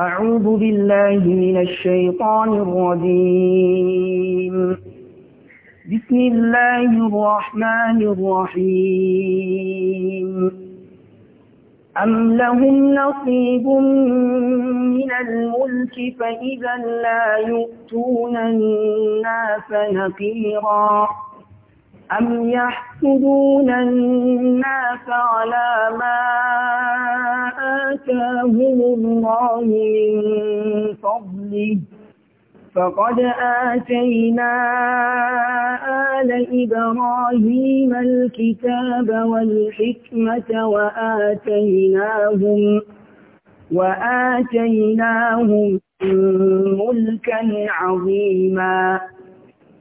أعوذ بالله من الشيطان الرجيم بسم الله الرحمن الرحيم أم لهم نصيب من الملك فإذا لا يؤتون الناس نقيراً أم يحسدون الناس على ما آتاهم الله من فضله فقد آتينا آل إبراهيم الكتاب والحكمة وآتيناهم وآتيناهم ملكا عظيما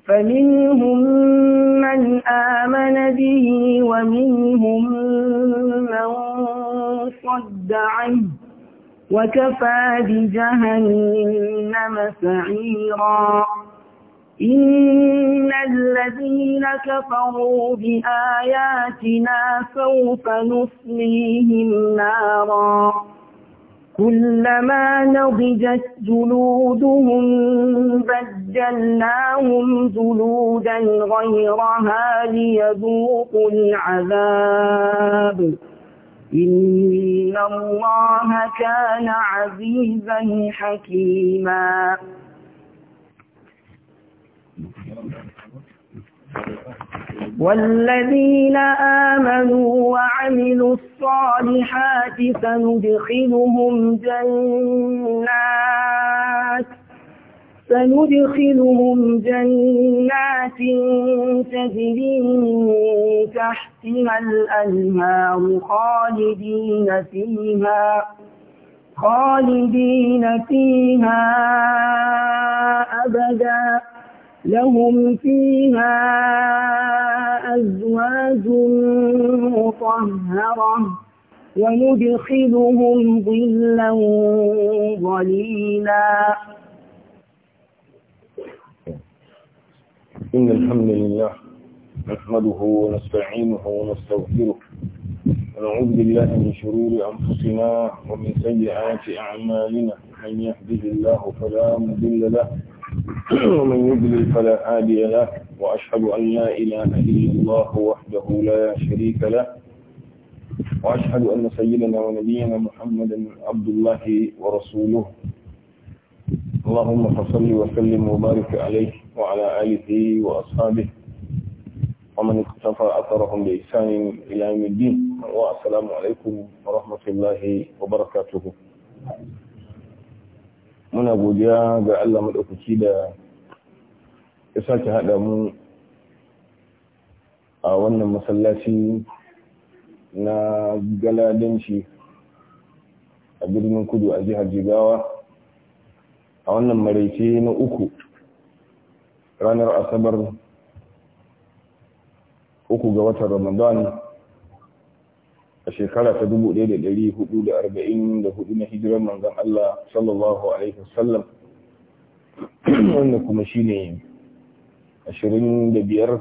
فمنهم من آمن به ومنهم من صد عنه وكفى بجهنم سعيرا إن الذين كفروا بآياتنا سوف نصليهم نارا كلما نضجت جلودهم بدلناهم جلودا غيرها ليذوقوا العذاب إن الله كان عزيزا حكيما والذين آمنوا وعملوا الصالحات سندخلهم جنات سندخلهم جنات تجري من تحتها الأنهار خالدين فيها خالدين فيها أبداً لهم فيها أزواج مطهرة وندخلهم ظلا ظليلا إن الحمد لله نحمده ونستعينه ونستغفره ونعوذ بالله من شرور أنفسنا ومن سيئات أعمالنا من يهده الله فلا مضل له ومن يضلل فلا هادي له وأشهد أن لا إله إلا الله وحده لا شريك له وأشهد أن سيدنا ونبينا محمدا عبد الله ورسوله اللهم صل وسلم وبارك عليه وعلى آله وأصحابه ومن اقتفى أثرهم بإحسان إلى يوم الدين والسلام عليكم ورحمة الله وبركاته muna godiya ga Allah maɗaukaki da ya sake haɗa mu a wannan masallaci na galadanci a birnin kudu a jihar jigawa a wannan maraice na uku ranar asabar uku ga watan ramadan a shekara ta 1444 na hijirar manzan Allah sallallahu alaihi wasallam wanda kuma shi da 25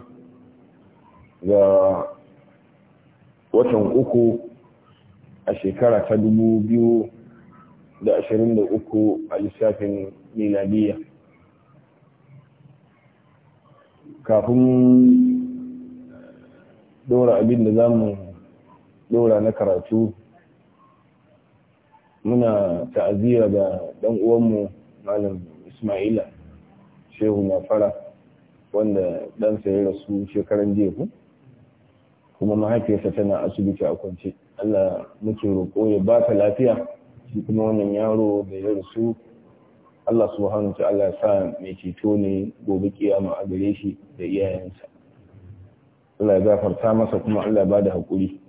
ga watan uku a shekara ta 2023 a lissafin miladiya kafin dora abin da zamu. ɗora na karatu muna ta'aziyya da ɗan uwanmu malam ismaila shehu mafara wanda ɗansa ya rasu shekaran jefu kuma mahaifiyarsa tana asibiti a kwance allah muke roƙo ya ba ta lafiya shi kuma wannan yaro da ya rasu allah subhanahu wa ya sa mai ceto ne gobe kiyama a gare shi da iyayensa allah ya gafarta masa kuma allah ba da haƙuri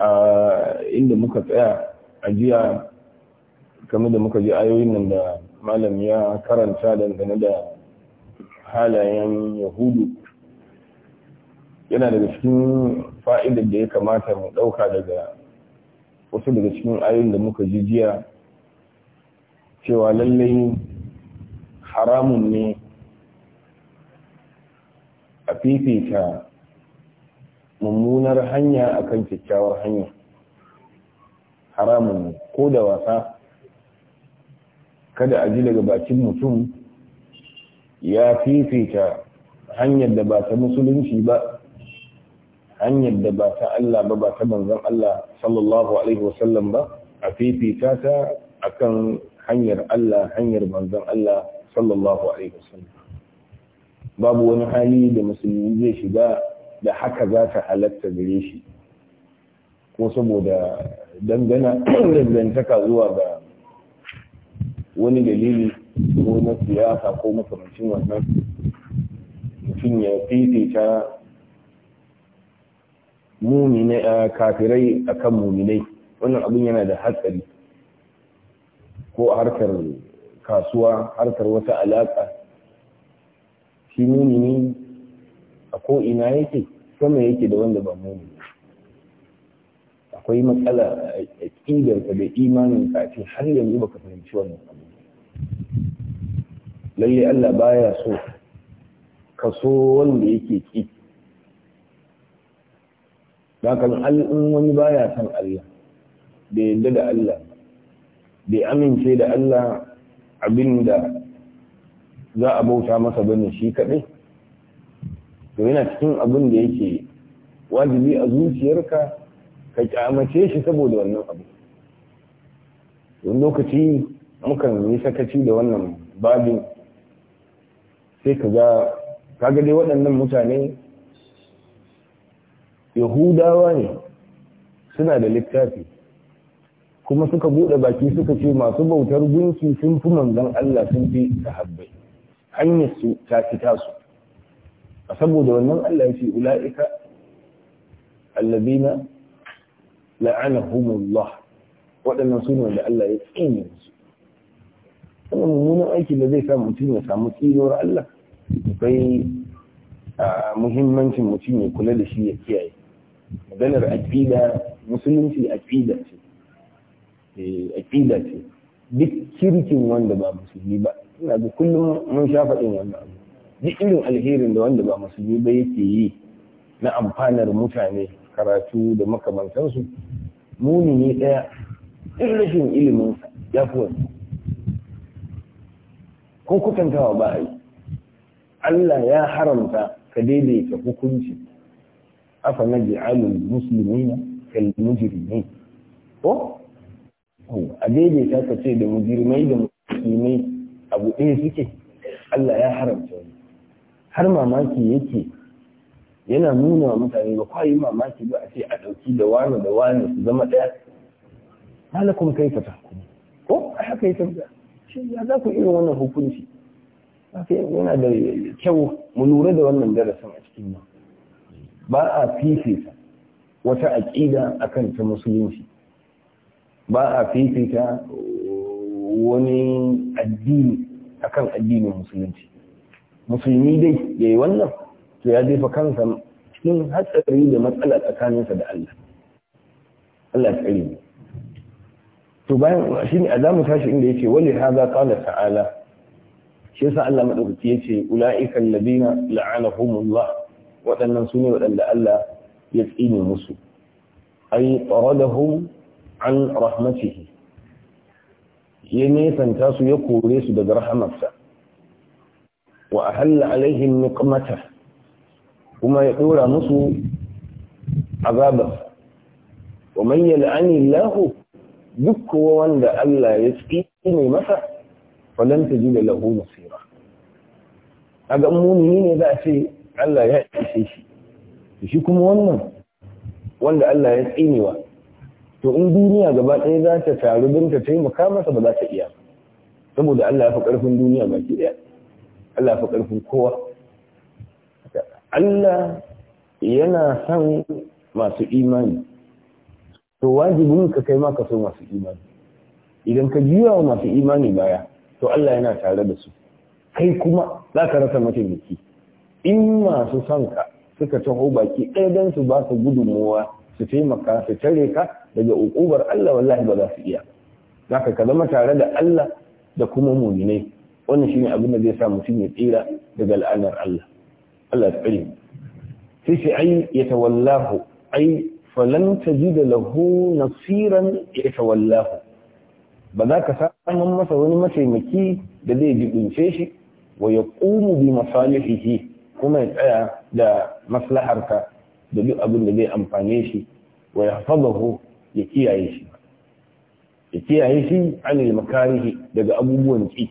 A inda muka tsaya a jiya kamar da muka ji ayoyin nan da malam ya karanta dangane da halayen yahudu yana daga cikin fa'idar da ya kamata mu ɗauka daga wasu daga cikin ayoyin da muka ji jiya cewa lallai haramun ne a fifita mummunar hanya akan kyakkyawar hanya haramun ko da wasa kada a ji daga bakin mutum ya fifita hanyar da ba ta musulunci ba hanyar da ba ta Allah ba ba ta banzan Allah sallallahu alaihi wasallam ba a fifita ta a kan hanyar Allah hanyar banzan Allah sallallahu alaihi wasallam babu wani hali da musulmi zai shiga da haka za ta halatta gare shi ko saboda dangana dangantaka zuwa ga wani dalili ko na siyasa ko makamancin wannan mutum ya fifita kafirai a kan muminai wannan abin yana da hatsari ko harkar kasuwa harkar wata alaƙa shi mumini a ko ina yake sama yake da wanda ba mumini akwai matsala a ƙidarka da imanin kafin har yanzu baka fahimci wannan abu lalle Allah baya so ka so wanda yake ƙi Dakan al'in wani baya son Allah, da yadda da Allah, da amince da Allah abinda za a bauta masa bane shi kaɗai, to yana cikin abin da yake wajibi a zuciyarka ka kyamace shi saboda wannan abu don lokaci mukan yi sakaci da wannan babin sai ka ga kaga dai waɗannan mutane yahudawa ne suna da littafi kuma suka buɗe baki suka ce masu bautar gunki sun fi manzon Allah sun fi sahabbai hanyar su ta fi tasu saboda wannan Allah ya ce ula'ika alladina la'anahumullah waɗannan su ne Allah ya tsine su wannan mummunan aiki da zai sa mutum ya samu tsinuwar Allah kai muhimmancin mutum ya kula da shi ya kiyaye maganar aqida musulunci aqida ce eh aqida ce duk kirkin wanda ba musulmi ba ina ga kullum mun shafa din wannan abu duk irin alherin da wanda ba musulmi ba yake yi na amfanar mutane karatu da makamantansu muni ne ɗaya in rashin iliminsa ya fi wani ko kutantawa ba a yi Allah ya haramta ka daidaita hukunci afa na ji'alul musulmi na kalmujirmi ko a daidaita ka ce da mujirmai da musulmai abu ɗaya suke Allah ya haramta wani har mamaki yake yana nuna wa mutane ba kwayi mamaki ba a ce a ɗauki da wani da wani su zama ɗaya malakum kai ka tahkum ko a haka ya tafiya. shi ya za ku irin wannan hukunci yana da kyau mu lura da wannan darasin a cikin nan ba a fifita wata aƙida akan ta musulunci ba a fifita wani addini akan addinin musulunci musulmi dai ya yi wannan to ya jefa kansa cikin hatsari da matsala tsakaninsa da Allah Allah tsari ne to bayan shi ne a za mu tashi inda ce wali haza qala ta'ala shi yasa Allah madaukaki yace ulaika alladhina la'anahumullah wadannan sune wadanda Allah ya tsine musu ay taradahum an rahmatihi ya nesanta su ya kore su daga rahamarsa wa ahalla alaihim niqmata kuma ya dora musu azaba wa man yal'ani duk kowa wanda Allah ya tsine masa falan tajida lahu nasira kaga mumini ne za a ce Allah ya ishe shi shi kuma wannan wanda Allah ya tsinewa to in duniya gaba ɗaya za ta taru don ta taimaka masa ba za ta iya saboda Allah ya fi ƙarfin duniya baki ɗaya Allah fi ƙarfin kowa Allah yana son masu imani to wajibin ka kai ma ka so masu imani idan ka jiya wa masu imani baya to Allah yana tare da su kai kuma za ka rasa mataimaki in masu son ka suka taho baki ɗaya don su ba su gudunmowa su taimaka su tare ka daga ukubar Allah wallahi ba za su iya za ka ka zama tare da Allah da kuma muminai wannan shine abin da zai sa mutum ya tsira daga la'anar Allah Allah tsare sai sai ai ya tawallahu ai falan da lahu nasiran ya tawallahu ba za ka samun masa wani mataimaki da zai ji jibince shi wa ya ƙumu bi masalihihi kuma ya tsaya da maslaharka da duk abin da zai amfane shi wa ya fabahu ya kiyaye shi ya kiyaye shi anil makarihi daga abubuwan ki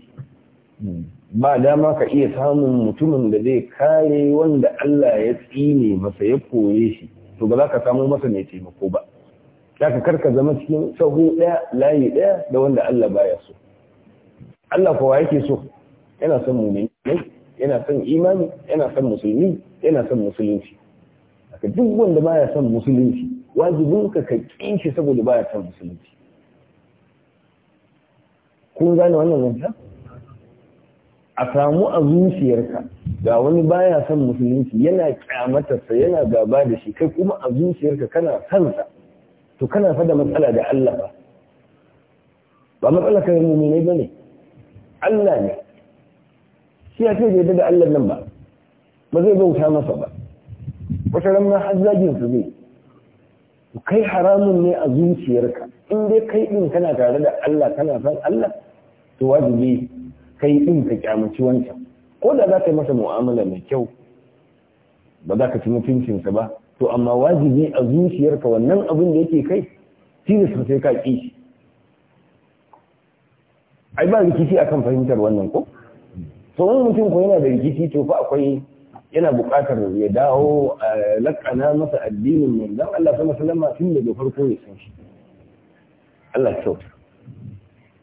ba dama ka iya samun mutumin da zai kare wanda Allah ya tsine masa ya koye shi to ba za ka samu masa mai taimako ba za ka karka zama cikin sahu ɗaya layi ɗaya da wanda Allah baya so Allah kowa yake so yana son mumini yana son imani yana son musulmi yana son musulunci haka duk wanda baya son musulunci wajibin ka ka kin saboda baya son musulunci kun gane wannan wanda a samu a zuciyarka ga wani baya son musulunci yana kyamatarsa yana gaba da shi kai kuma a zuciyarka kana son sa to kana fa da matsala da Allah ba ba matsala kai ne bane Allah ne shi ya ce da daga Allah nan ba ba zai bauta masa ba wata ran ma har su zai kai haramun ne a zuciyarka in dai kai din kana tare da Allah kana son Allah to wajibi kai din ka kyamaci wancan ko da za ka yi masa mu'amala mai kyau ba za ka ci mutuncin sa ba to amma wajibi a zuciyarka wannan abin da yake kai shi ne sai ka ki shi ai ba rikici akan fahimtar wannan ko to wani mutum ko yana da rikici to fa akwai yana buƙatar ya dawo a eh, laƙana masa addinin mai dan Allah sama salama tun daga farko ya san shi Allah kyauta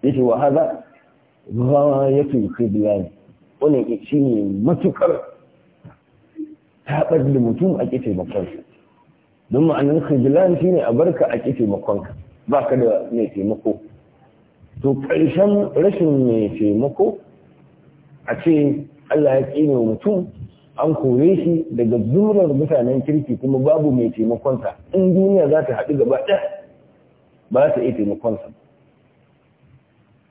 yake wa haza ghayatul khidyan wannan shi ne matukar tabar da mutum a kice makonsa don ma'anar shi shine a barka a kice ba baka da mai taimako to ƙarshen rashin mai taimako a ce Allah ya tsine mutum an kore shi daga zurar mutanen kirki kuma babu mai taimakonsa in duniya za ta haɗu gaba ɗaya ba za ta iya taimakonsa ba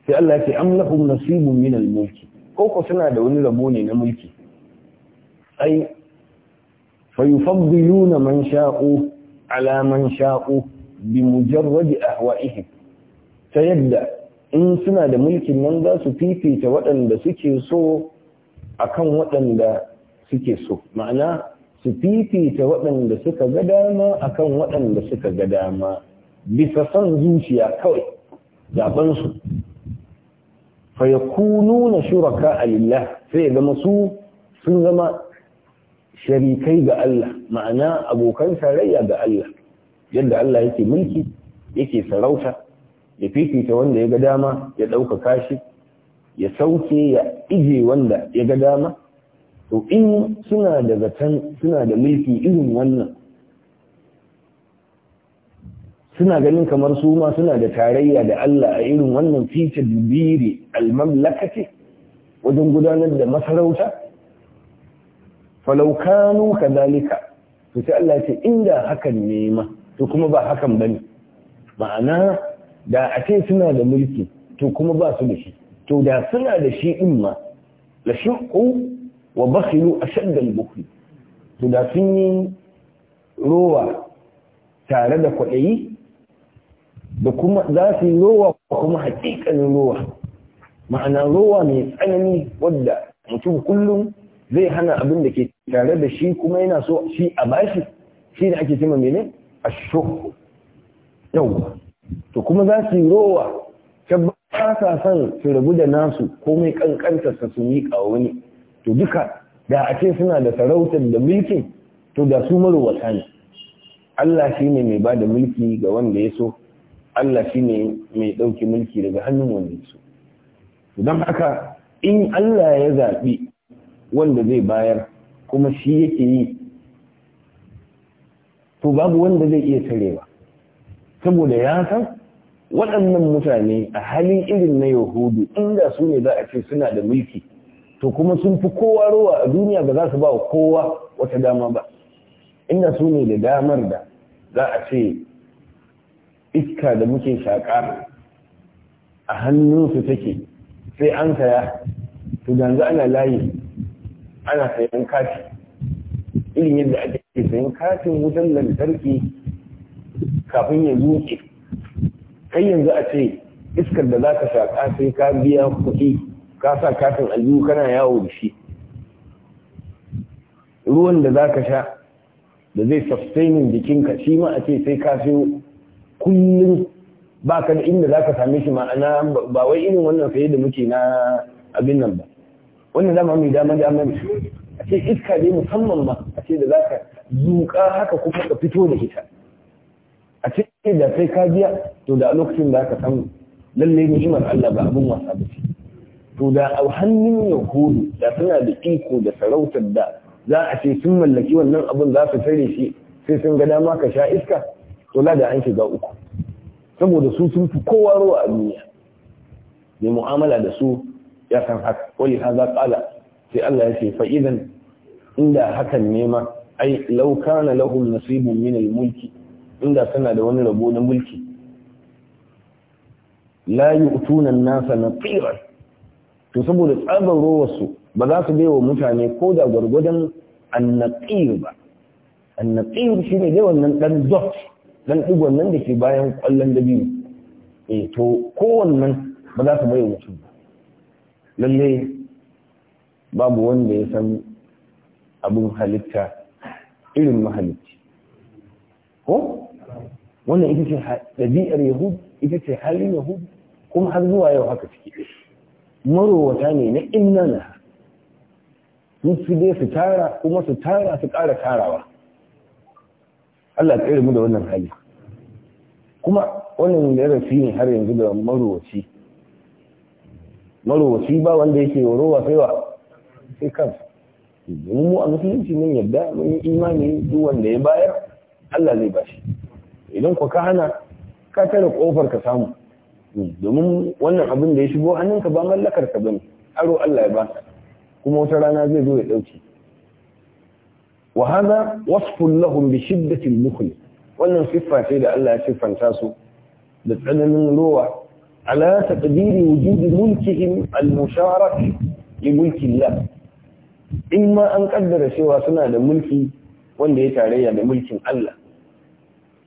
sai Allah ke ce am lahum nasibun min al-mulki ko suna da wani rabo ne na mulki ai yufaddiluna man sha'u ala man sha'u bi mujarrad ahwa'ihi ta yadda in suna da mulkin nan za su fifita waɗanda suke so akan waɗanda suke so ma'ana su fifita waɗanda suka ga dama akan waɗanda suka ga dama bisa son zuciya kawai zaɓensu fa nuna shuraka lillah sai ya zama su sun zama sharikai ga Allah ma'ana abokan tarayya ga Allah yadda Allah yake mulki yake sarauta ya fifita wanda ya ga dama ya ɗauka kashi, ya sauke ya ije wanda ya ga dama to in suna da mulki irin wannan suna ganin kamar su ma suna da tarayya da Allah a irin wannan fice dubiri almamlakati wajen gudanar da masarauta falaukanu kadalika to sai Allah ce inda hakan ne ma to kuma ba hakan bane ma'ana da a ce suna da mulki to kuma ba su da shi to da suna da shi in ma la shaqqu wa bakhilu ashadda al-bukhl to da sun yi rowa tare da kwaɗayi da kuma za su yi rowa kuma haƙiƙanin rowa ma'ana rowa mai tsanani wadda mutum kullum zai hana abin da ke tare da shi kuma yana so shi a bashi shi da ake cima mene a yau to kuma za su yi rowa ta ba sa son su rabu da nasu komai kankanta sa su miƙa wani to duka da a ce suna da sarautar da mulkin to da su marowata ne Allah shi ne mai ba da mulki ga wanda ya so Allah shi ne mai ɗauki mulki daga hannun wanda su. Don haka in Allah ya zaɓi wanda zai bayar kuma shi yake yi, to babu wanda zai iya tarewa. Saboda ya san waɗannan mutane a halin irin na Yahudu inda su ne za a ce suna da mulki, to kuma sun fi kowa rowa a duniya ba za su ba wa kowa wata dama ba. Inda su ne da damar da za a ce iska da muke shaƙa a hannunsu take sai an saya to yanzu ana layi ana sayan kati irin yadda ake sayan katin wutan lantarki kafin ya zuke kai yanzu a ce iskar da za ka shaƙa sai ka biya kuɗi ka sa katin aljihu kana yawo da shi ruwan da za ka sha da zai sustaining jikinka shi ma a ce sai ka siyo kullum ba ka da inda za ka same shi ma'ana ba wai irin wannan saye da muke na abin nan ba wannan dama mai dama dama ne a ce iska ne musamman ma a ce da za ka zuƙa haka kuma ka fito da ita a ce da sai ka biya to da lokacin da ka samu lalle ni'imar Allah ba abin wasa ba ce to da a hannun yahudu da suna da iko da sarautar da za a ce sun mallaki wannan abun za su tare shi sai sun ga dama ka sha iska to la da an shiga uku saboda su sun fi kowa ruwa a duniya mai mu'amala da su ya san haka wani haza kala sai Allah ya ce fa'idan inda hakan nema ai lauka na lahun nasibin minal mulki inda suna da wani rabo na mulki la yi utunan nasa na tsirar to saboda tsabar rowarsu ba za su bai wa mutane ko da gwargwadon annaƙir ba annaƙir shi ne dai wannan ɗan dot dan digon nan da ke bayan ƙwallon da biyu eh to kowannan ba za su bai mutum lalle babu wanda ya san abin halitta irin mahalicci ko wannan ita ce ɗabi'ar yahud ita ce halin yahud kuma har zuwa yau haka ciki marowata ne na inna na su dai su tara kuma su tara su ƙara tarawa Allah tsere mu da wannan hali kuma wannan darasi ne har yanzu da marowaci marowaci ba wanda yake rowa sai wa sai kansa domin mu a musulunci mun yadda mun yi imani duk wanda ya bayar Allah zai bashi idan ku ka hana ka tare kofar ka samu domin wannan abin da ya shigo hannunka ba mallakar ka bane aro Allah ya ba kuma wata rana zai zo ya dauke wa hada wasfun lahum bi shiddati al wannan siffa ce da Allah ya siffanta su da tsananin rowa ala taqdiri wujudi mulkihim al-musharak li mulki Allah in ma an kaddara cewa suna da mulki wanda ya tarayya da mulkin Allah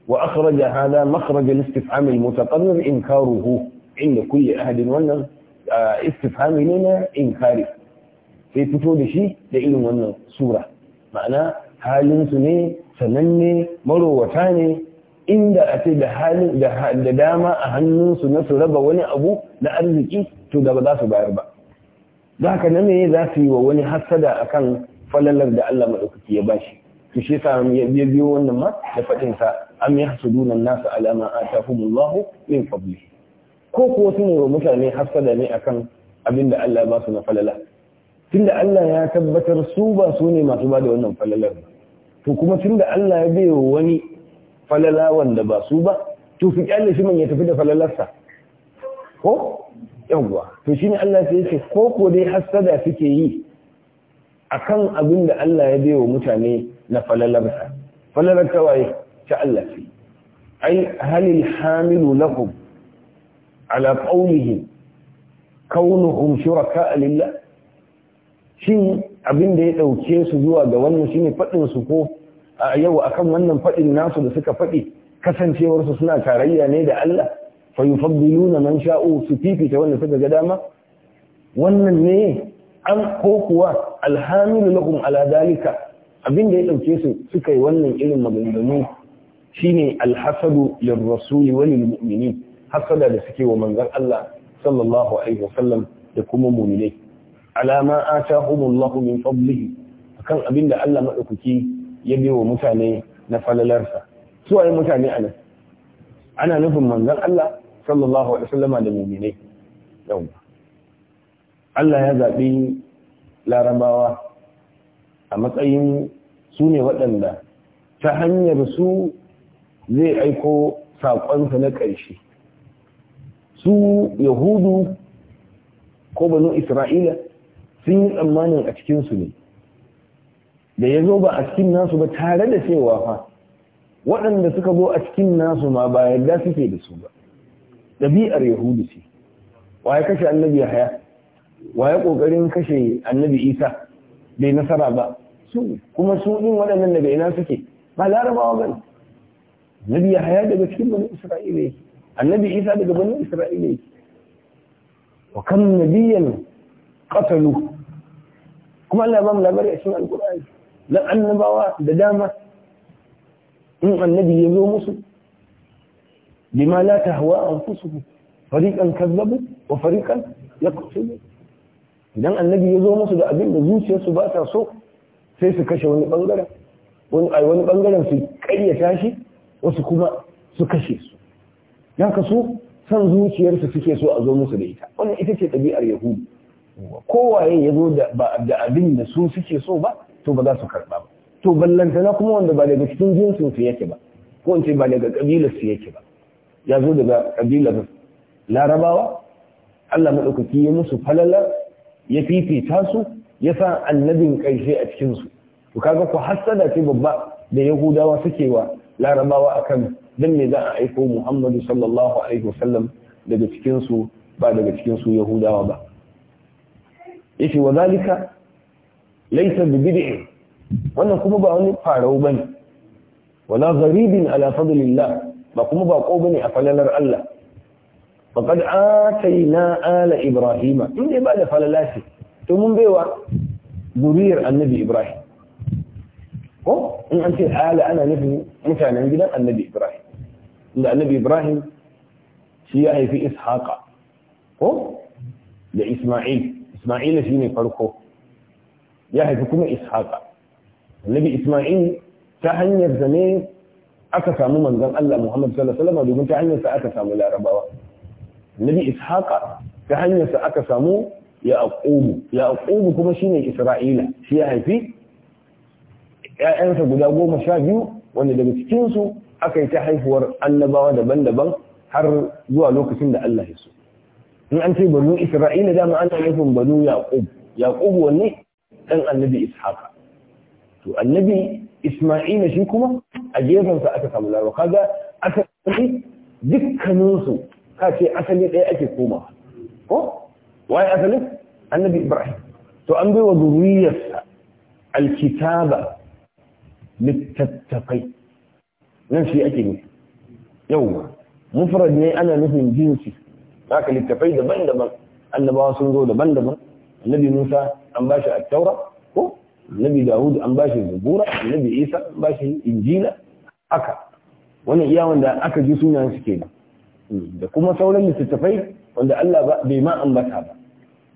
wa akhraja hada makhraj al-istifham al-mutaqarrir inkaruhu inda kulli ahadin wannan ah, istifhami ne na inkari sai fito da shi da irin wannan sura ma'ana halinsu ne sananne marowata ne inda a ce da dama a hannunsu na su raba wani abu na arziki to da ba za su bayar ba da haka na meye za su yi wa wani hasada akan falalar da Allah maɗaukaki ya bashi to shi yasa ya biyo wannan ma da fadin sa am yahsuduna nasu ala ma atahumullahu min fadli ko ko sun wa mutane hasada ne akan da Allah ba su na falala tunda Allah ya tabbatar su ba su ne masu ba da wannan falalar to kuma tunda Allah ya bai wani falala wanda ba su ba to fi kyalle shi man ya tafi da falalarsa ko yawwa to shine Allah sai yake ko ko dai hasada suke yi akan abin da Allah ya bai wa mutane na falalarsa falalar tawaye ta Allah ce ai halil hamilu lakum, ala qawlihim kaunuhum shuraka lillah shin abin da ya ɗauke su zuwa ga wannan shine faɗin su ko a yau akan wannan faɗin nasu da suka faɗi kasancewarsu suna tarayya ne da Allah fa yufaddiluna man sha'u su fifita wanda suka ga dama wannan ne an ko kuwa alhamilu lakum ala dalika abin da ya ɗauke su suka yi wannan irin maganganu shine alhasadu rasuli wa lilmu'minin hasada da suke wa manzon Allah sallallahu alaihi wasallam da kuma mu'minai alama atahumullahu min fadlihi akan abin da Allah madaukaki ya bai wa mutane na falalarsa su waye mutane anan ana nufin manzon Allah sallallahu alaihi da mu'minai Allah ya zaɓi larabawa a matsayin su ne waɗanda ta hanyar su zai aiko saƙonsa na ƙarshe su yahudu ko banu isra'ila sun yi tsammanin a cikinsu ne da ya zo ba a cikin nasu ba tare da cewa fa waɗanda suka zo a cikin nasu ma ba yarda suke da su ba ɗabi'ar yahudu ce wa ya kashe annabi haya wa ya ƙoƙarin kashe annabi isa bai nasara ba su kuma su ɗin waɗannan daga ina suke ba larabawa ba ne annabi haya daga cikin bani isra'ila yake annabi isa daga bani isra'ila yake wa kan nabiyan qatalu kuma Allah ba mu labari a cikin alkur'ani dan annabawa da dama in annabi ya zo musu bima la tahwa anfusuhum fariqan kazzabu wa fariqan yaqtulu idan annabi ya zo musu da abin da zuciyarsu ba ta so sai su kashe wani bangaren wani ai wani bangaren su kayyata shi wasu kuma su kashe su dan ka su san zuciyarsu suke so a zo musu da ita wannan ita ce ɗabi'ar yahudu kowaye ya zo da abin da su suke so ba to ba za su karɓa ba to ballantana kuma wanda ba daga cikin jinsin su yake ba ko in ce ba daga kabilar su yake ba ya zo daga kabilar larabawa Allah madaukaki ya musu falala ya fifita su ya sa annabin karshe a cikin su to kaga ku hassada ce babba da yahudawa suke wa larabawa akan dan me za a aiko Muhammadu sallallahu alaihi wasallam daga cikin su ba daga cikin su yahudawa ba yace wa zalika laysa bi wannan kuma ba wani farau bane wala gharibin ala fadlillah ba kuma ba ko bane a falalar Allah faqad atayna ala ibrahima in dai ba da falalashi to mun baiwa zuriyar annabi ibrahim ko in an ce ala ana nufin mutanen gidan annabi ibrahim inda annabi ibrahim shi ya haifi ishaqa ko da isma'il isma'ila ne farko ya haifi kuma ishaqa annabi isma'il ta hanyar sa ne aka samu manzon Allah Muhammad sallallahu domin ta hanyar sa aka samu larabawa nabi ishaqa ta hanyar sa aka samu yaqub yaqub kuma shine isra'ila shi ya haifi 'ya'yansa guda goma sha biyu wanda daga cikinsu aka yi ta haifuwar annabawa daban-daban har zuwa lokacin da Allah ya so in an ce banu isra'ila dama ana nufin banu yaqub yaqub wanne dan annabi ishaqa to annabi isma'ila shi kuma a gefen sa aka samu larabawa kaga asali dukkaninsu ka ce asali ɗaya ake koma ko waye asalin annabi ibrahim to an bai wa zuriyarsa alkitaba littattafai nan shi ake nufi Yau, mufrad ne ana nufin jinsi zaka littafai daban-daban annabawa sun zo daban-daban annabi musa an ba shi attaura ko annabi dawud an ba shi zubura annabi isa an ba shi injila aka wannan iya wanda aka ji sunan su kenan da kuma sauran littattafai wanda Allah bai ma ambata ba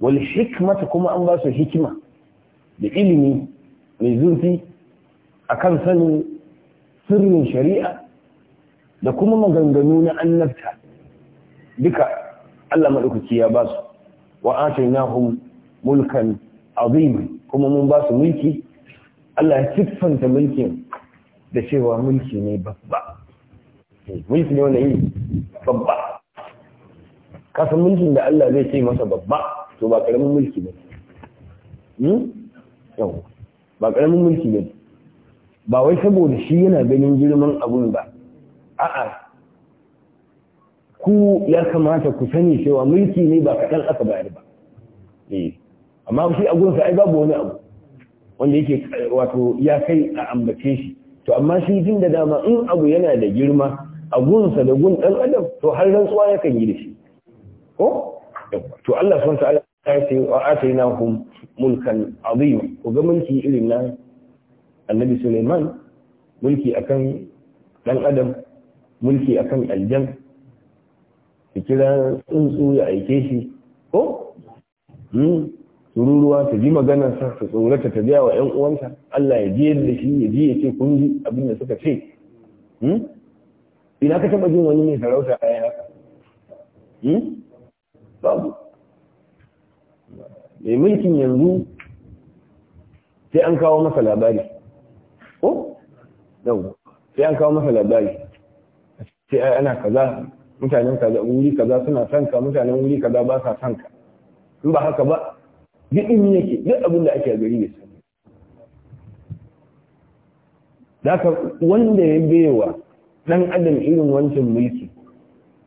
wal hikmata kuma an ba su hikima da ilimi mai zurfi akan sanin sirrin shari'a da kuma maganganu na annabta duka Allah madaukaki ya ba su wa atainahum mulkan azim kuma mun ba su mulki Allah ya siffanta mulkin da cewa mulki ne babba eh, mulki ne wanda yi babba kasan mulkin da Allah zai ce masa babba to ba karamin mulki ne hmm? yau ba karamin mulki ne ba wai saboda shi yana ganin girman abun ba a'a ku ya kamata ku sani cewa mulki ne ba kaɗan aka bayar ba eh, amma shi a gunsa ai babu wani abu wanda yake wato ya kai a ambace shi to amma shi jin da dama in abu yana da girma a gunsa da gun ɗan adam to har rantsuwa ya kan yi da shi ko to Allah sun ta'ala ya ce wa atainahum mulkan azim ko ga mulki irin na Annabi Suleiman mulki akan ɗan adam mulki akan aljanna ta kira tsuntsu ya aike shi ko hmm? tururuwa ta ji maganarsa ta tsorata ta biya wa 'yan uwanta Allah ya ji yadda shi ya ji ya ce kun ji abin da suka ce hmm? ina ka taba jin wani mai sarauta a haka hmm? babu mai mulkin yanzu sai an kawo masa labari ko? sai an kawo masa labari sai ana kaza mutanen kaza wuri kaza suna son ka mutanen wuri kaza ba sa son ka in ba haka ba duk in yake duk abin da ake a gari ne da ka wanda ya bewa dan adam irin wancan mulki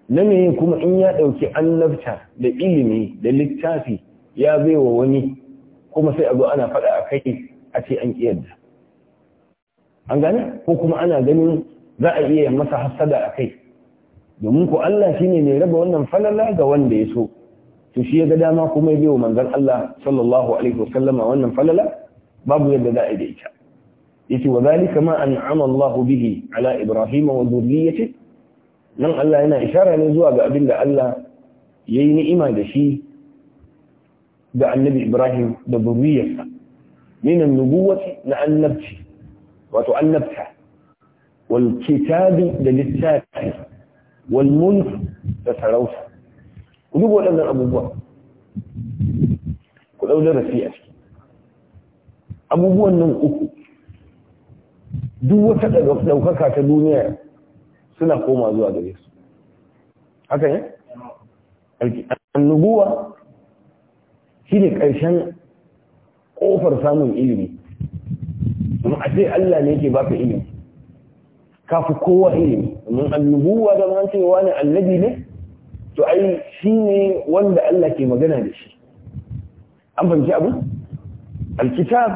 na me kuma in ya dauki annabta da ilimi da littafi ya bewa wani kuma sai a zo ana faɗa a kai a ce an kiyarda an gane ko kuma ana ganin za a iya masa hassada a kai domin ku Allah shi ne mai raba wannan falala ga wanda ya so to shi ya ga dama kuma ya biyo manzan Allah sallallahu alaihi wasallama wannan falala babu yadda za a yi da ita yace wa zalika ma an'ama Allah bihi ala Ibrahim wa dhurriyyati nan Allah yana ishara ne zuwa ga abin da Allah yayi ni'ima da shi ga Annabi Ibrahim da dhurriyyarsa min an-nubuwwati na annabci wato annabta wal kitabi da littafi Walmun da sarauta ku duba waɗannan abubuwa ku ɗau darasi a abubuwan nan uku duk wata ɗaukaka ta duniya suna koma zuwa gare su haka ne? annubuwa shi ne ƙarshen ƙofar samun ilimi domin a sai Allah ne ke ba baka ilimi kafu kowa ilimi domin annubuwa da man cewa ne annabi ne to ai shi ne wanda Allah ke magana da shi an fahimci abu alkitab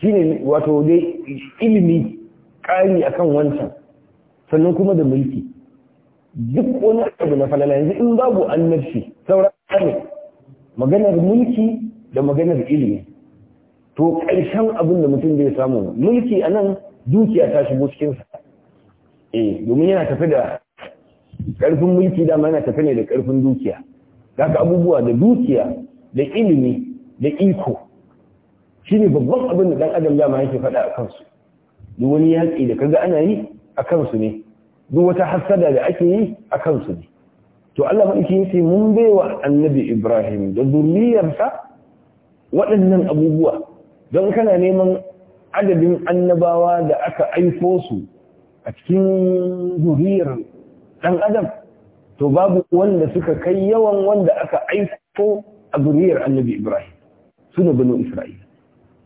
shi ne wato dai ilimi ƙari akan wancan sannan kuma da mulki duk wani abu na falala yanzu in babu annabci sauran ne maganar mulki da maganar ilimi to ƙarshen abin da mutum zai samu mulki a nan dukiya ta shigo cikinsa eh domin yana tafi da ƙarfin mulki dama yana tafi ne da ƙarfin dukiya haka abubuwa da dukiya da ilimi da iko shi ne babban abin da ɗan adam dama yake faɗa a kansu duk wani yaƙi da kaga ana yi a kansu ne duk wata hassada da ake yi a kansu ne to Allah maɗauki ya yace mun baiwa annabi Ibrahim da zuriyarsa waɗannan abubuwa don kana neman adadin annabawa da aka aiko su a cikin zuriyar ɗan adam to babu wanda suka kai yawan wanda aka aiko a zuriyar annabi ibrahim su da banu isra'ila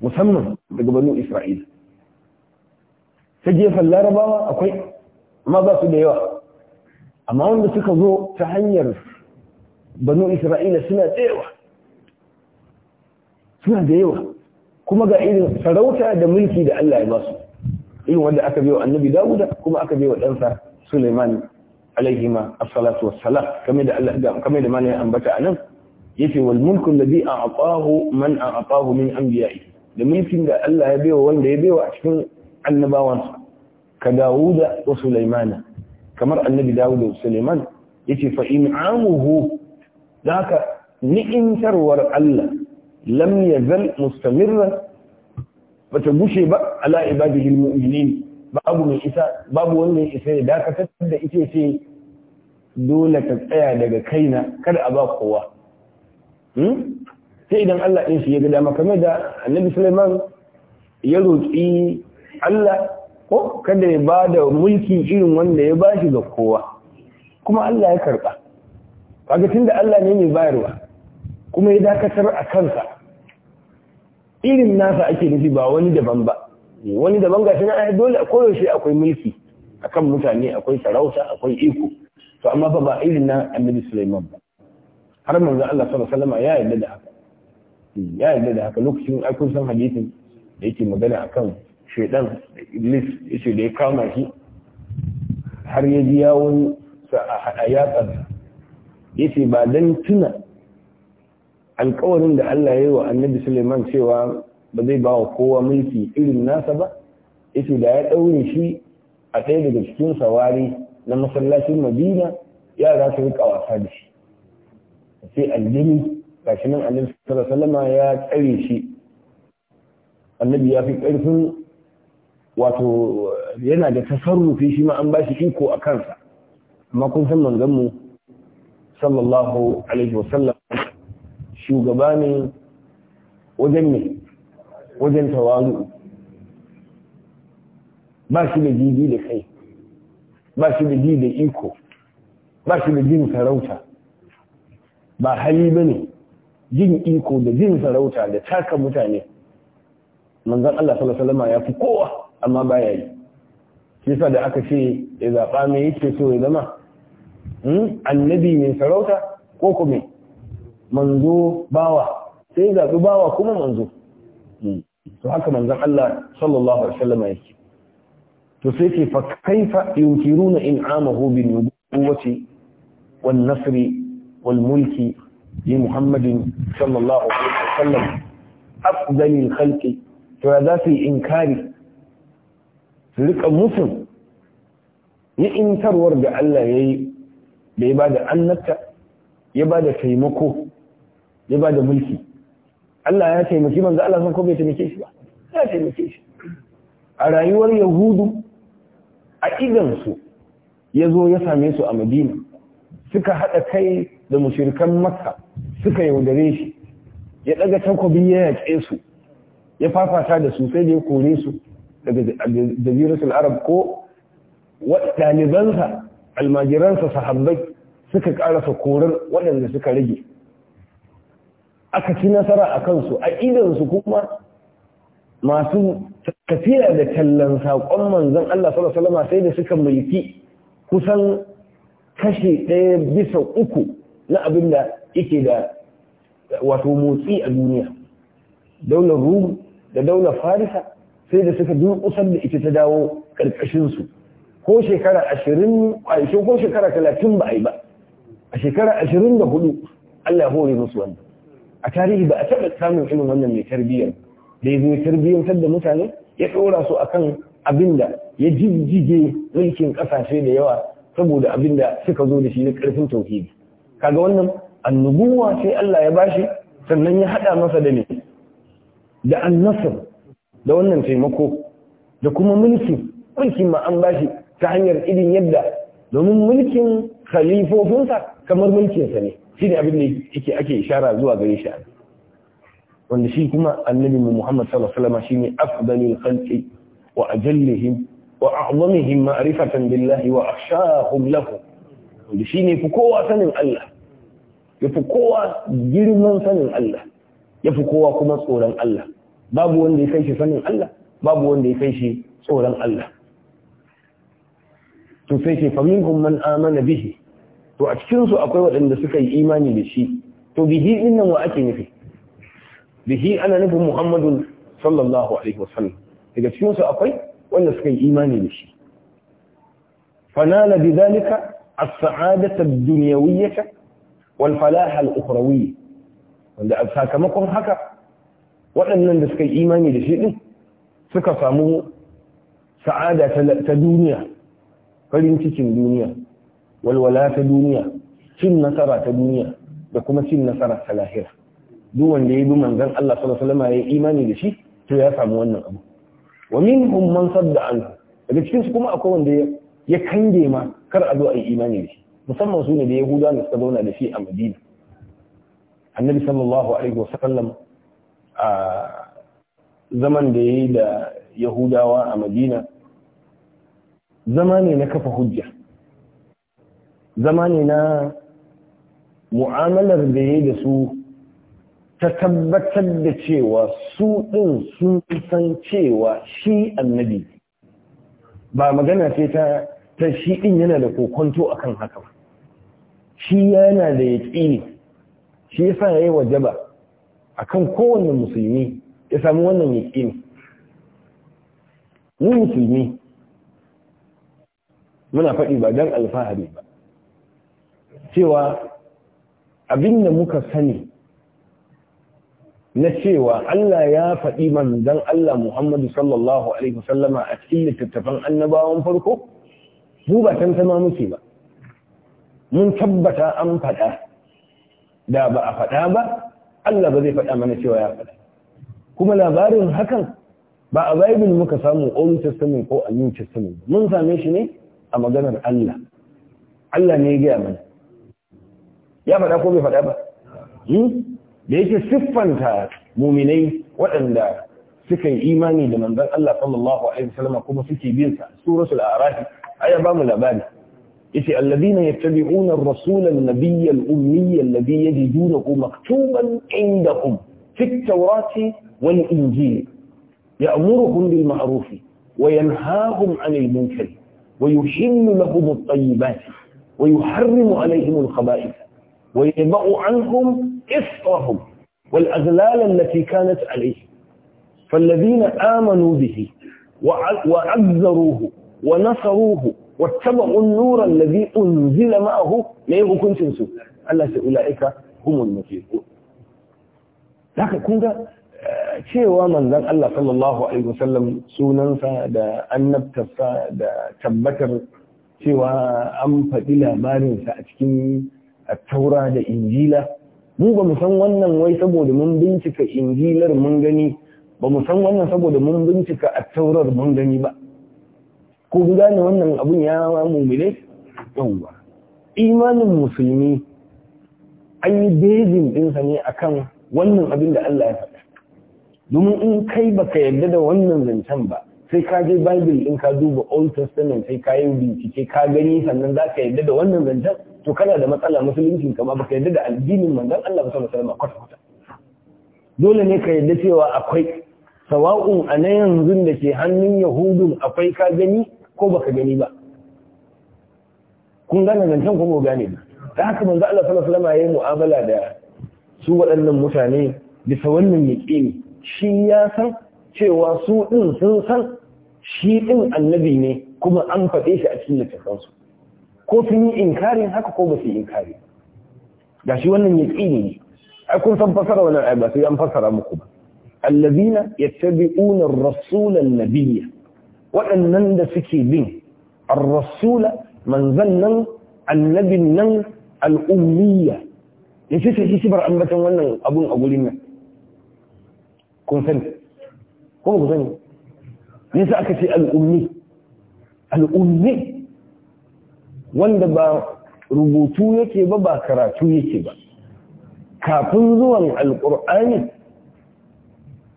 musamman daga banu isra'ila ta jefan larabawa akwai amma ba su da yawa amma wanda suka zo ta hanyar banu isra'ila suna suna da yawa kuma ga irin sarauta da mulki da Allah ya basu irin wanda aka biyo annabi Dawuda kuma aka biyo ɗansa Sulaiman alaihi ma as-salatu was-salam kamar da Allah kamar da malamin ambata anan yace wal mulku alladhi a'tahu man a'tahu min anbiya'i da mulkin da Allah ya biyo wanda ya biyo a cikin annabawan ka Dawuda wa Sulaiman kamar annabi Dawuda da Sulaiman yace fa amuhu da haka tarwar Allah lam yazal mustamirra bata bushe ba ala ibadihi almu'minin babu mai isa babu wanda ya isa ya dakatar da ita ce dole ka tsaya daga kaina kada a ba kowa sai idan Allah ɗin ya ga dama kamar da annabi Sulaiman ya roƙi Allah ko kada ya ba da mulki irin wanda ya bashi ga kowa kuma Allah ya karɓa kaga tunda Allah ne mai bayarwa kuma ya dakatar a kansa irin nasa ake nufi ba wani daban ba wani daban ga tana dole a koyaushe akwai mulki akan mutane akwai sarauta akwai iko to amma fa ba irin na annabi Sulaiman ba har manzo Allah sallallahu alaihi wasallam ya yarda da haka ya yarda da haka lokacin ai kun san hadisin da yake magana akan shaidan iblis yace da ya kama shi har ya ji yawon sa a hada yatsar yace ba dan tuna alkawarin da Allah ya yi wa annabi Suleiman cewa ba zai ba wa kowa mulki irin nasa ba ito da ya ɗaure shi a ɗaya daga cikin sawari na masallacin madina yara su rika wasa da shi sai aljini ga shi nan annabi Sallama ya tsare shi annabi ya fi ƙarfin wato yana da tasarrufi shi ma an ba shi iko a kansa amma kun san manzon mu sallallahu alaihi wasallam shugaba ne wajen ne wajen tawazu ba shi da jiji da kai ba shi da ji da iko ba shi da jin sarauta ba hali ba ne jin iko da jin sarauta da taka mutane manzan Allah salama ya fi kowa amma ya yi shi da aka ce ya zaɓa mai yake so ya zama hmm? annabi mai sarauta ko kuma manzo bawa sai zaɓi bawa kuma manzo hmm. to haka manzon Allah sallallahu alaihi wasallam yake to sai ce fa kaifa yunkiruna in'amahu bi nubuwwati wan nasri wal mulki li muhammadin sallallahu alaihi wasallam afdalil khalqi to ya za su yi inkari su rika mutum ni'intarwar da Allah ya yi da ba da annata, ya ba da taimako ya ba da mulki Allah ya taimaki manzo Allah san ko bai taimake shi ba ya taimake shi a rayuwar yahudu a idan su ya zo ya same su a madina suka haɗa kai da mushirikan makka suka yaudare shi ya ɗaga takobi ya yaƙe su ya fafata da su sai da ya kore su daga jaziratul arab ko ɗalibansa almajiransa sahabbai suka ƙarasa korar waɗanda suka rage aka ci nasara a kansu a idansu kuma masu tafiya da tallan saƙon manzon Allah sallallahu sai da suka mulki kusan kashe ɗaya bisa uku na abin da yake da wato motsi a duniya daular rum da daular farisa sai da suka kusan da ita ta dawo ƙarƙashinsu ko shekara ashirin ko shekara talatin ba a yi ba a shekara ashirin da hudu Allah ya hore musu wannan a tarihi ba a taɓa samun irin wannan mai tarbiyyar da ya zai tarbiyyantar da mutane ya ɗora su kan abin da ya jijjige mulkin ƙasashe da yawa saboda abin da suka zo da shi na ƙarfin tauhidi kaga wannan annubuwa sai Allah ya bashi sannan ya haɗa masa da ne da annasar da wannan taimako da kuma mulki mulkin ma an bashi ta hanyar irin yadda domin mulkin khalifofinsa kamar mulkinsa ne Shi ne abin da yake ake ishara zuwa gare shi wanda shi kuma annabi Muhammad sallallahu alaihi wasallam shine afdalul khalqi wa ajallihim wa a'zamihim ma'rifatan billahi wa akhshahum lahu wanda shine fi kowa sanin Allah ya fi kowa girman sanin Allah ya fi kowa kuma tsoron Allah babu wanda ya kai shi sanin Allah babu wanda ya kai shi tsoron Allah to sai ce faminhum man amana bihi to a cikinsu akwai waɗanda suka yi imani da shi to bihi ɗin nan wa ake nufi bihi ana nufin Muhammadu sallallahu alaihi wasallam daga cikinsu akwai wanda suka yi imani da shi fanala bi zalika as-sa'adata ad-dunyawiyyah wal falah al wanda a sakamakon haka waɗannan da suka yi imani da shi ɗin suka samu sa'ada ta duniya farin cikin duniya walwala ta duniya cin nasara ta duniya da kuma cin nasara ta lahira duk wanda ya bi manzon Allah sallallahu alaihi wasallam ya imani da shi to ya samu wannan abu wa minhum man sadda anhu daga cikin su kuma akwai wanda ya kange ma kar a zo a yi imani da shi musamman su ne da yahudawa da suka zauna da shi a madina annabi sallallahu alaihi wasallam a zaman da ya yi da yahudawa a madina zama ne na kafa hujja zama ne na mu'amalar da ya da su ta tabbatar da cewa su ɗin sun san cewa shi annabi ba magana ce ta ta shi ɗin yana da kokonto a kan haka shi yana da ya ƙi shi yasa ya yi ba, a kan kowane musulmi ya sami wannan ya ƙi mu musulmi muna faɗi ba don alfahari ba cewa abin da muka sani na cewa Allah ya faɗi manzan Allah Muhammadu sallallahu alaihi wasallama a cikin littattafan annabawan farko mu ba tantama muke ba mun tabbata an faɗa da ba a faɗa ba Allah ba zai faɗa mana cewa ya faɗa kuma labarin hakan ba a Bible muka samu Old Testament ko a New Testament mun same shi ne a maganar Allah Allah ne ya gaya mana ya faɗa ko bai faɗa ba da yake siffanta muminai waɗanda suka yi imani da manzon Allah sallallahu alaihi wasallam kuma suke bin sa suratul a'raf aya ba mu labari yace alladhina yattabi'una ar-rasula an-nabiyya al-ummiyya alladhi yajidunahu maktuban indahum fi at-taurati wal-injil ya'muruhum bil ma'ruf wa yanhahum 'anil munkar wa yuhillu lahum at-tayyibat wa yuharrimu 'alayhim al-khaba'ith ويضع عنهم إفرهم والأغلال التي كانت عليه فالذين آمنوا به وعذروه ونصروه واتبعوا النور الذي أنزل معه لا يكون تنسوا ألا أولئك هم المفلحون لكن كنت cewa manzan Allah sallallahu Alaihi wasallam sunansa da annabtarsa da tabbatar cewa an faɗi labarinsa a cikin attaura da injila mu ba mu san wannan wai saboda mun bincika injilar mun gani ba mu san wannan saboda mun bincika attaurar mun gani ba ko ku wannan abun ya mummune yawwa imanin musulmi an yi bezin ɗinsa ne akan wannan abin da Allah ya faɗa domin in kai baka yarda da wannan zancen ba sai ka je bible in ka duba old testament sai ka yi bincike ka gani sannan za ka yarda da wannan zancen to kana da matsala musulunci ka baka yadda da addinin manzon Allah sallallahu alaihi wasallam kwata kwata dole ne ka yadda cewa akwai sawa'un a yanzu da ke hannun yahudun akwai ka gani ko baka gani ba kun gane zancen kuma gane ba da haka manzon Allah sallallahu alaihi wasallam yi mu'amala da su waɗannan mutane bisa wannan yaqini shi ya san cewa su din sun san shi din annabi ne kuma an faɗe shi a cikin littafansu ko sun yi inkarin haka ko ba su yi inkari ga shi wannan ya tsini ne ai kun san fasara wannan ayi ba sai an fasara muku ba allazina yattabi'una ar-rasula an-nabiyya waɗannan da suke bin ar-rasula manzan nan annabin nan al-ummiyya yace sai shi bar ambatan wannan abun a gurin nan kun san ko ku sani yasa aka ce al-ummi al-ummi wanda ba rubutu yake ba ba karatu yake ba kafin zuwan Alkur'ani,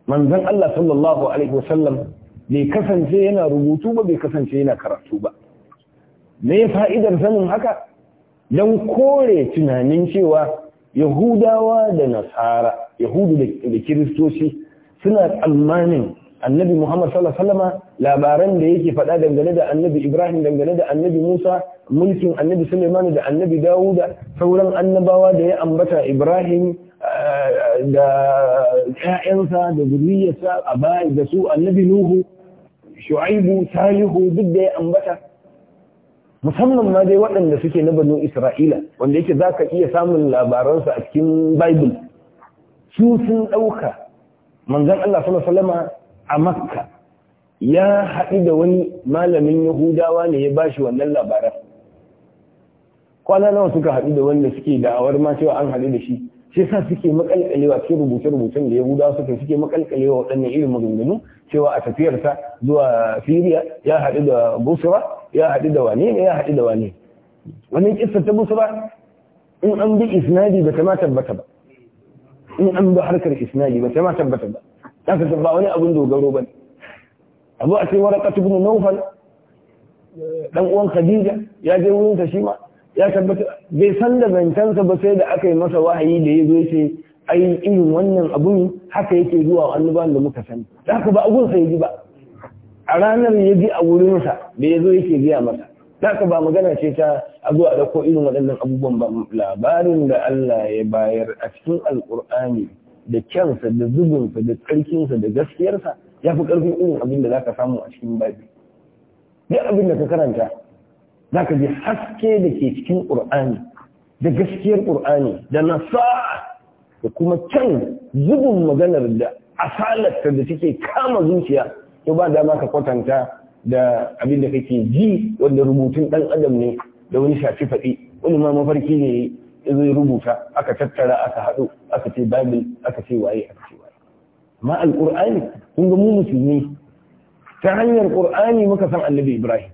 manzan Allah sallallahu alaihi wasallam bai kasance yana rubutu ba bai kasance yana karatu ba me fa'idar sanin haka don kore tunanin cewa yahudawa da nasara yahudu da kiristoci suna tsammanin annabi Muhammad sallallahu alaihi wasallam labaran da yake faɗa dangane da annabi Ibrahim dangane da annabi Musa mulkin annabi Sulaiman da annabi Dawuda sauran annabawa da ya ambata Ibrahim eh, da ƴaƴansa da zuriyarsa a baya da su annabi Nuhu Shu'aibu Salihu duk da ya ambata musamman ma dai waɗanda suke na banu Isra'ila wanda yake zaka iya samun labaransu a cikin Bible su sun ɗauka manzon Allah sallallahu alaihi a makka ya haɗu da wani malamin yahudawa ne ya bashi wannan labaran kwana nawa suka haɗu da wanda suke da'awar ma cewa an haɗu da shi shi sa suke makalkalewa cikin rubuce-rubucen da yahudawa suka suke makalkalewa waɗannan irin maganganu cewa a tafiyarsa zuwa siriya ya haɗu da busra ya haɗu da wane ne ya haɗu da wane wannan kissa ta busra in an bi isnadi ba ta ma tabbata ba in an bi harkar isnadi ba ta ma tabbata ba dan ka ba wani abun dogaro bane abu a cikin warakatu bin nawfal dan uwan khadija ya je wurin ta shi ma ya tabbata bai san da zancensa ba sai da aka yi masa wahayi da ya zo ce ai irin wannan abun haka yake zuwa annabawan da muka sani da haka ba abun sai ji ba a ranar ya ji a wurinsa da ya zo yake biya masa da haka ba magana ce ta a zuwa a dauko irin waɗannan abubuwan ba labarin da Allah ya bayar a cikin alkur'ani da kyansa da zubinsa da tsarkinsa da gaskiyarsa ya fi ƙarfin irin abin da za ka samu a cikin babi duk abin da ka karanta za ka ji haske da ke cikin ƙur'ani da gaskiyar ƙur'ani da nasa da kuma can zubin maganar da asalarta da suke kama zuciya to ba dama ka kwatanta da abin da kake ji wanda rubutun ɗan adam ne da wani shafi faɗi wani ma mafarki ne zai rubuta aka tattara aka haɗu aka ce bible aka ce waye aka ce waye amma alqur'ani kun ga mu musulmi ta hanyar qur'ani muka san annabi ibrahim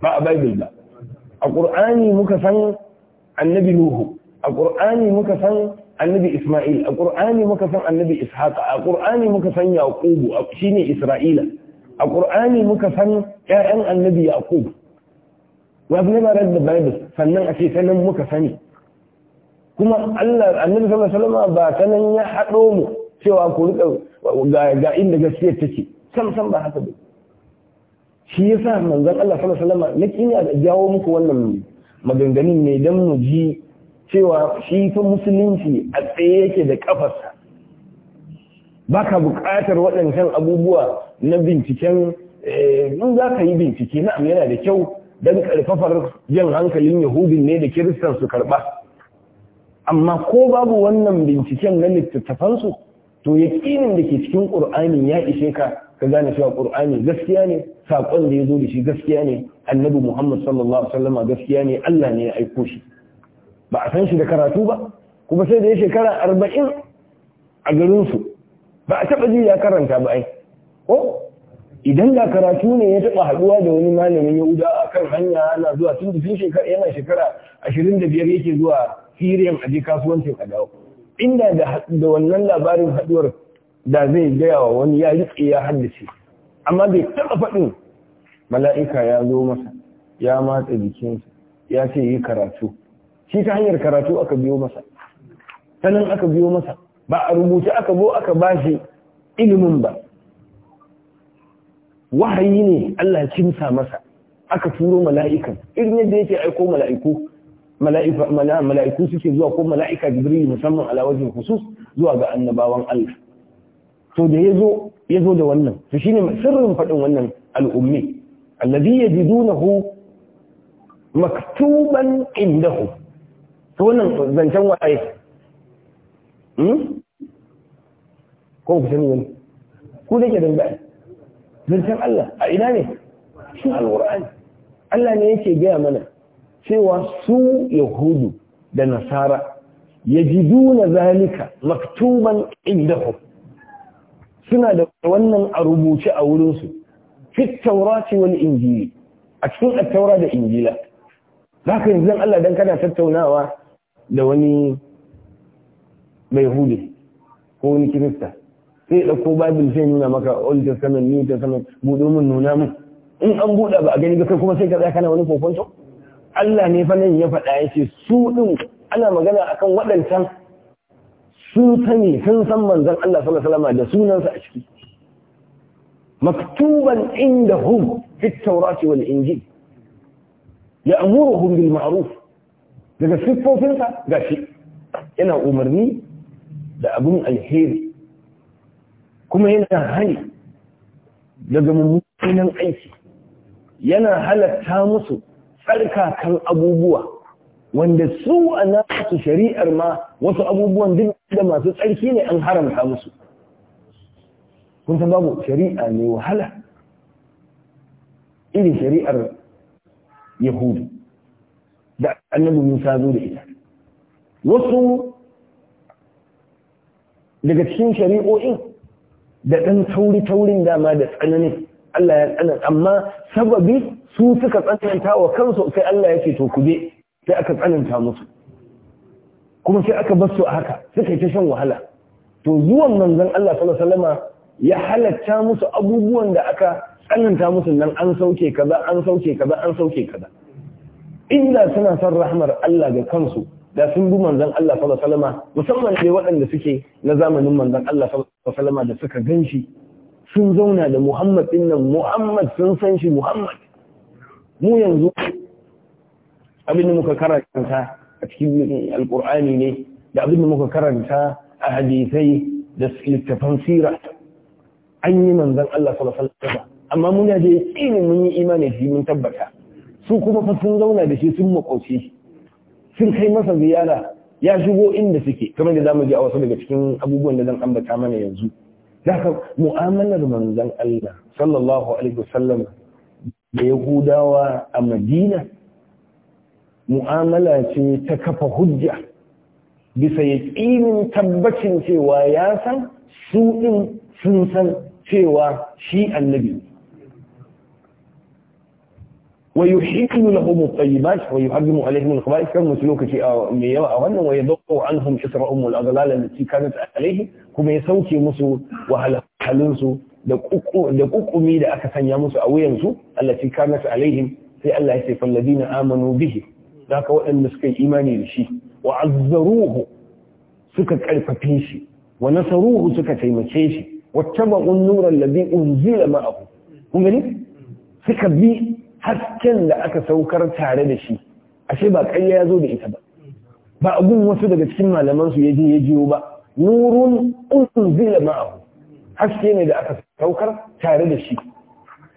ba a bible ba a qur'ani muka san annabi nuhu a qur'ani muka san annabi isma'il a qur'ani muka san annabi ishaqa a qur'ani muka san yaqubu shine isra'ila a qur'ani muka san ƴaƴan annabi yaqub wa ibn barak da bible sannan a ce sannan muka sani kuma Allah annabi sallallahu alaihi wasallam ba ta nan ya haɗo mu cewa ku rika ga inda gaskiya take san sam ba haka ba shi yasa manzon Allah sallallahu alaihi wasallam nake ina jawo muku wannan maganganun ne dan mu ji cewa shi fa musulunci a tsaye yake da kafarsa baka buƙatar waɗancan abubuwa na binciken eh, in za ka yi bincike na'am yana da kyau don ƙarfafar jan hankalin yahudin ne da kiristan su karɓa amma ko babu wannan binciken na littattafansu to yaƙinin da ke cikin ƙur'ani ya ishe ka ka gane cewa ƙur'ani gaskiya ne saƙon da ya zo da shi gaskiya ne annabi muhammad sallallahu alaihi wasallama gaskiya ne allah ne ya aiko shi ba a san shi da karatu ba kuma sai da ya shekara arba'in a garinsu ba a taɓa ji ya karanta ba ai ko idan da karatu ne ya taɓa haɗuwa da wani malamin yahuda a kan hanya ana zuwa tun da shekara yana shekara ashirin da biyar yake zuwa a aje kasuwancin a dawo inda da wannan labarin haɗuwar da zai gaya wa wani ya tsaye ya haddace amma bai taba faɗin mala'ika ya zo masa ya matsa jikinsa ya ce yi karatu shi ta hanyar karatu aka biyo masa nan aka biyo masa ba a rubuta aka zo aka bashi ilimin ba wahayi ne Allah ya masa aka turo mala'ikan irin yadda yake aiko mala'iku mala'iku suke zuwa ko mala'ika jibril musamman ala wajin khusus zuwa ga annabawan Allah to da ya zo da wannan to ne sirrin faɗin wannan al'ummi ya ji yajidunahu maktuban indahu to wannan zancen waye hmm ko ku sani wani ku da ke dangane zancen Allah a ina ne shi alqur'ani Allah ne yake gaya mana cewa su yahudu da nasara duna zalika maktuban indahu suna da wannan a rubuce a wurinsu fit taurati wani injili a cikin attaura da injila za ka yi zan Allah dan kana tattaunawa da wani mai hudu ko wani kirista sai ko babin sai nuna maka old testament new testament budo mun nuna mun in an buda ba a gani ga kai kuma sai ka tsaya kana wani kokonto Allah ne fanin ya faɗa ya ce su ɗin ana magana akan waɗancan sun sani sun san manzan Allah salama da sunansa a ciki maktuban inda hum fi taurati wal injil ya amuruhum bil ma'ruf daga siffofinsa shi. yana umarni da abin alheri kuma yana hani daga mummunan aiki yana halatta musu tsarkakan abubuwa wanda su a nasu shari'ar ma wasu abubuwan duk da masu tsarki ne an haramta musu kun san babu shari'a ne wahala irin shari'ar yahudu da annabi musa zo da ita wasu daga cikin shari'o'in da ɗan tauri-taurin dama da tsananin Allah ya tsananta amma sababi su suka tsananta wa kansu sai Allah ya ce to ku je sai aka tsananta musu kuma sai aka bar su a haka suka yi ta shan wahala to zuwan manzon Allah sallallahu alaihi ya halatta musu abubuwan da aka tsananta musu nan an sauke kaza an sauke kaza an sauke kaza inda suna son rahmar Allah ga kansu da sun bi manzon Allah sallallahu alaihi musamman ne waɗanda suke na zamanin manzon Allah sallallahu alaihi da suka ganshi sun zauna da Muhammad din nan Muhammad sun san shi Muhammad mu yanzu abin da muka karanta a cikin alkur'ani ne da abin da muka karanta a hadisai da littafan sira an yi manzan Allah sallallahu amma mun yaje tsini mun yi imani shi mun tabbata su kuma fa sun zauna da shi sun makoci sun kai masa ziyara ya shigo inda suke kamar da zamu ji a wasu daga cikin abubuwan da zan ambata mana yanzu zaka mu'amalar manzan Allah sallallahu alaihi wasallam da yahudawa a madina mu'amala ce ta kafa hujja bisa ya ƙinin tabbacin cewa ya san su ɗin sun san cewa shi annabi wa yuhillu lahum at-tayyibat wa yuharrimu alayhim Ba khabaith kan lokaci mai yawa a wannan an wa yadqu anhum isra'um wal aghlal allati kanat alayhi kuma ya sauke musu wahalhalun da kukumi da aka sanya musu a wuyansu allati kanat alaihim sai Allah ya ce falladina amanu bihi zaka waɗanda suka yi imani da shi wa azzaruhu suka ƙarfafe shi wa nasaruhu suka taimake shi wattabaqu an-nura alladhi unzila ma'ahu kun gani suka bi hasken da aka saukar tare da shi ashe ba ƙarya ya zo da ita ba ba abun wasu daga cikin malaman su je ya jiyo ba nurun unzila ma'ahu haske ne da aka saukar tare da shi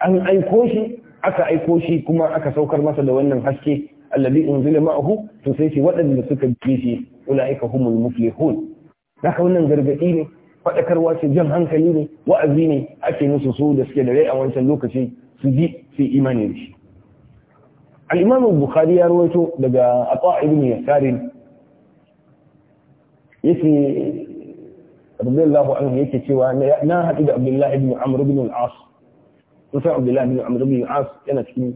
an aiko shi aka aiko shi kuma aka saukar masa da wannan haske in in ma'ahu to sai shi waɗanda suka bi shi ulaika humul muflihun haka wannan gargadi ne faɗakarwa ce jan hankali ne wa'azi ne ake musu su da suke da rai a wancan lokaci su ji su imani da shi al-imam bukhari ya rawaito daga ata ibn yasarin yace radiyallahu anhu yake cewa na haɗu da abdullahi ibn amr ibn al-as kusan abdullahi ibn amr ibn al-as yana cikin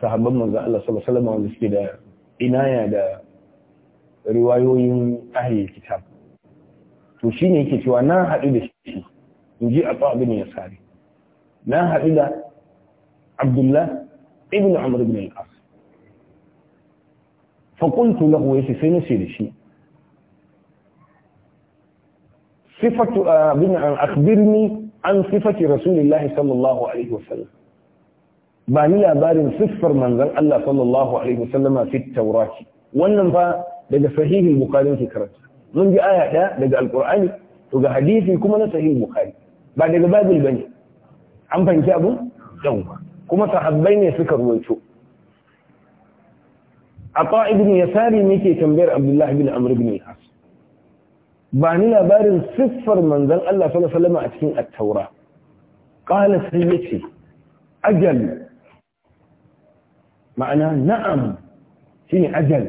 sahabban manzo Allah sallallahu da inaya da riwayoyin ahli kitab to shine yake cewa na haɗu da shi inji Abu ibn Yasari na haɗu da Abdullah ibn Amr ibn al-As fa qultu lahu sai nace da shi sifatu abin an akhbirni an sifati rasulillahi sallallahu alaihi wasallam ba ni labarin siffar manzon Allah sallallahu alaihi wasallama fi tawrati wannan fa daga sahih bukhari ke karanta mun ji aya daga alqur'ani to ga hadisi kuma na sahih bukhari ba daga bible bane an fanki abu yawa kuma sahabbai ne suka ruwaito Ata ibn Yasari ne ke tambayar Abdullah ibn Amr ba ni labarin siffar manzan Allah sallallahu alaihi wasallam a cikin at-taura qala sai yace ajal ma'ana na'am shine ajal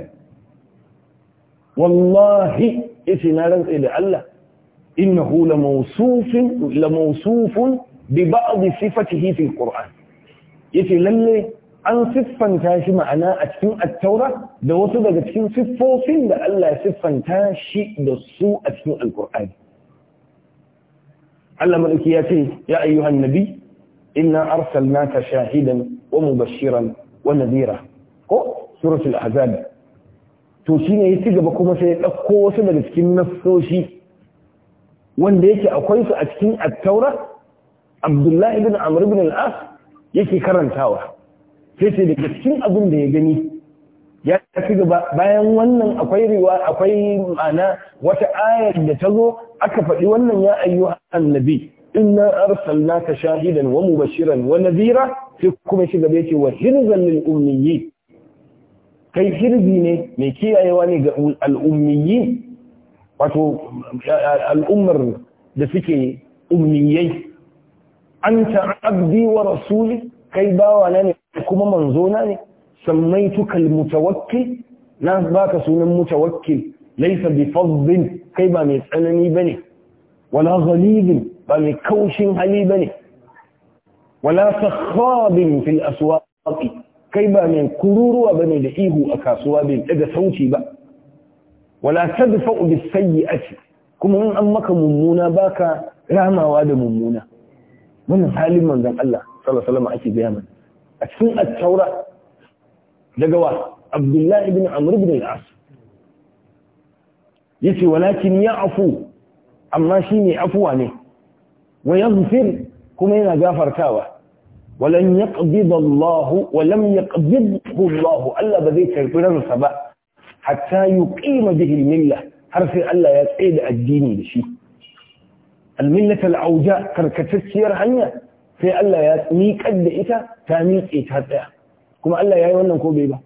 wallahi yace na rantsa da Allah innahu lamawsufun lamawsufun bi ba'd sifatihi fil qur'an yace lalle an siffanta shi ma'ana a cikin attaura da wasu daga cikin siffofin da Allah ya siffanta shi da su a cikin alkur'ani Allah madauki ya ce ya ayyuhan nabi inna arsalnaka shahidan wa mubashiran wa nadhira ko suratul azab to shine ya ci gaba kuma sai ya dauko wasu daga cikin nassoshi wanda yake akwai su a cikin attaura Abdullahi ibn Amr ibn al-As yake karantawa sai sai daga cikin abin da ya gani ya ci gaba bayan wannan akwai riwa akwai ma'ana wata ayar da ta zo aka faɗi wannan ya ayyu annabi inna arsalnaka shahidan wa mubashiran wa nadhira sai kuma shi gaba yake wa hirzan lil ummiyyi kai hirzi ne mai kiyayewa ne ga al'ummiyyi wato al'ummar da suke ummiyai anta abdi wa rasuli kai bawa ne kuma manzo na ne sammaituka mutawakkil na baka sunan mutawakkil laysa bi fadhin kai ba mai tsanani bane wala ghalibin ba mai kaushin hali bane wala sakhabin fil aswaq kai ba mai kururuwa bane da ihu a kasuwa bai daga sauci ba wala tadfa'u bis sayyi'ati kuma in an maka mummuna baka ramawa da mummuna wannan halin manzon Allah sallallahu alaihi wasallam ake gaya mana a cikin attaura daga wa abdullahi bin amr bin al-as walakin ya afu amma shi ne afuwa ne wa yaghfir kuma yana gafartawa walan yaqbid Allah walam yaqbidhu Allah Allah ba zai karbi ransa ba hatta yuqima bihi al har sai Allah ya tsaye da addini da shi al-millat auja karkatacciyar hanya sai Allah ya miƙar da ita ta miƙe ta tsaya kuma Allah ya yi wannan ko bai ba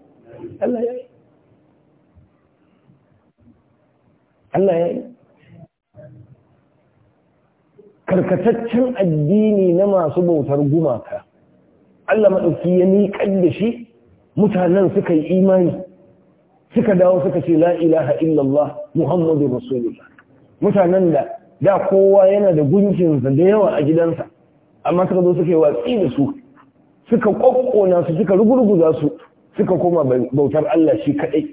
Allah ya yi Allah ya yi karkataccen addini na masu bautar gumaka Allah maɗauki ya miƙar da shi mutanen suka yi imani suka dawo suka ce la ilaha illallah muhammadu rasulullah mutanen da da kowa yana da gunkinsa da yawa a gidansa amma suka zo suka yi watsi da su suka kokkona su suka rugurguza su suka koma bautar Allah shi kadai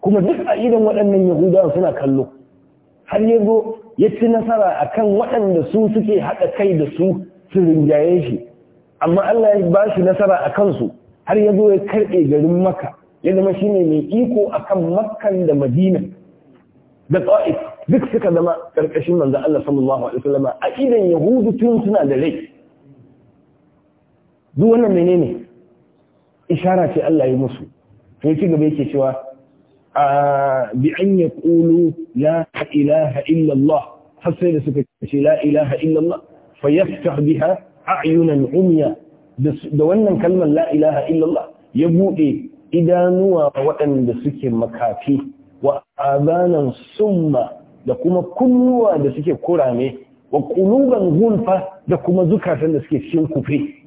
kuma duk a idan waɗannan yahudawa suna kallo har yanzu ya ci nasara akan waɗanda su suke haɗa kai da su su rinjaye shi amma Allah ya ba shi nasara a kansu har ya zo ya karɓe garin maka ya zama shi ne mai iko akan makkan da madina da ta'if duk suka zama ƙarƙashin manzo Allah sallallahu alaihi wasallam a idan yahudu tun suna da rai duk wannan menene ishara ce Allah ya musu ya ci gaba yake cewa bi an yaqulu la ilaha illa Allah har sai da suka ce la ilaha illa Allah fa yaftah biha a'yunan umya da wannan kalmar la ilaha illa Allah ya bude idanuwa waɗanda suke makafi wa azanan summa da kuma kunnuwa da suke kurame wa quluban gulfa da kuma zukatan da suke cikin kufi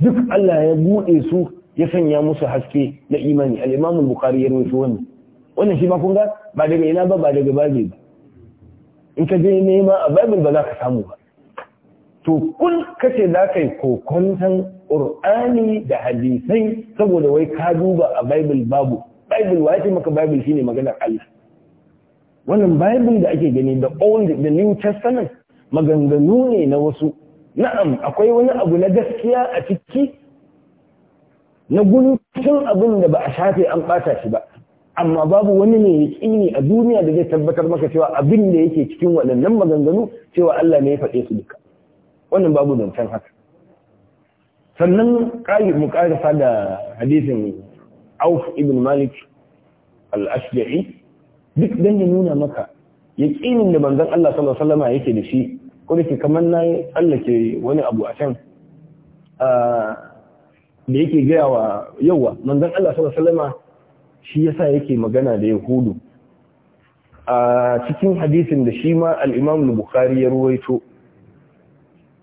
duk Allah ya buɗe su ya sanya musu haske na imani al bukari ya rufe wannan wannan shi ba kunga? ba daga ina ba ba daga babi ba in ka je nema a babin ba za ka samu ba to kun kace za ka yi kokonton ƙur'ani da hadisai saboda wai ka duba a bible babu bible wa ce maka bible ne maganar Allah wannan bible da ake gani da old da new testament maganganu ne na wasu na'am akwai wani abu na gaskiya a ciki na guntun abin da ba a shafe an bata shi ba amma babu wani ne ya kini a duniya da zai tabbatar maka cewa abin da yake cikin waɗannan maganganu cewa Allah ne ya faɗe su duka wannan babu can haka sannan ƙari mu ƙarasa da hadisin auf ibn malik al-ashja'i duk dan ya nuna maka yaƙinin da manzon Allah sallallahu alaihi yake da shi ko da ke kamar na tsallake wani abu a can da yake gaya wa yauwa manzan Allah sallallahu alaihi wasallama shi yasa yake magana da yahudu a cikin hadisin da shi ma al bukhari ya ruwaito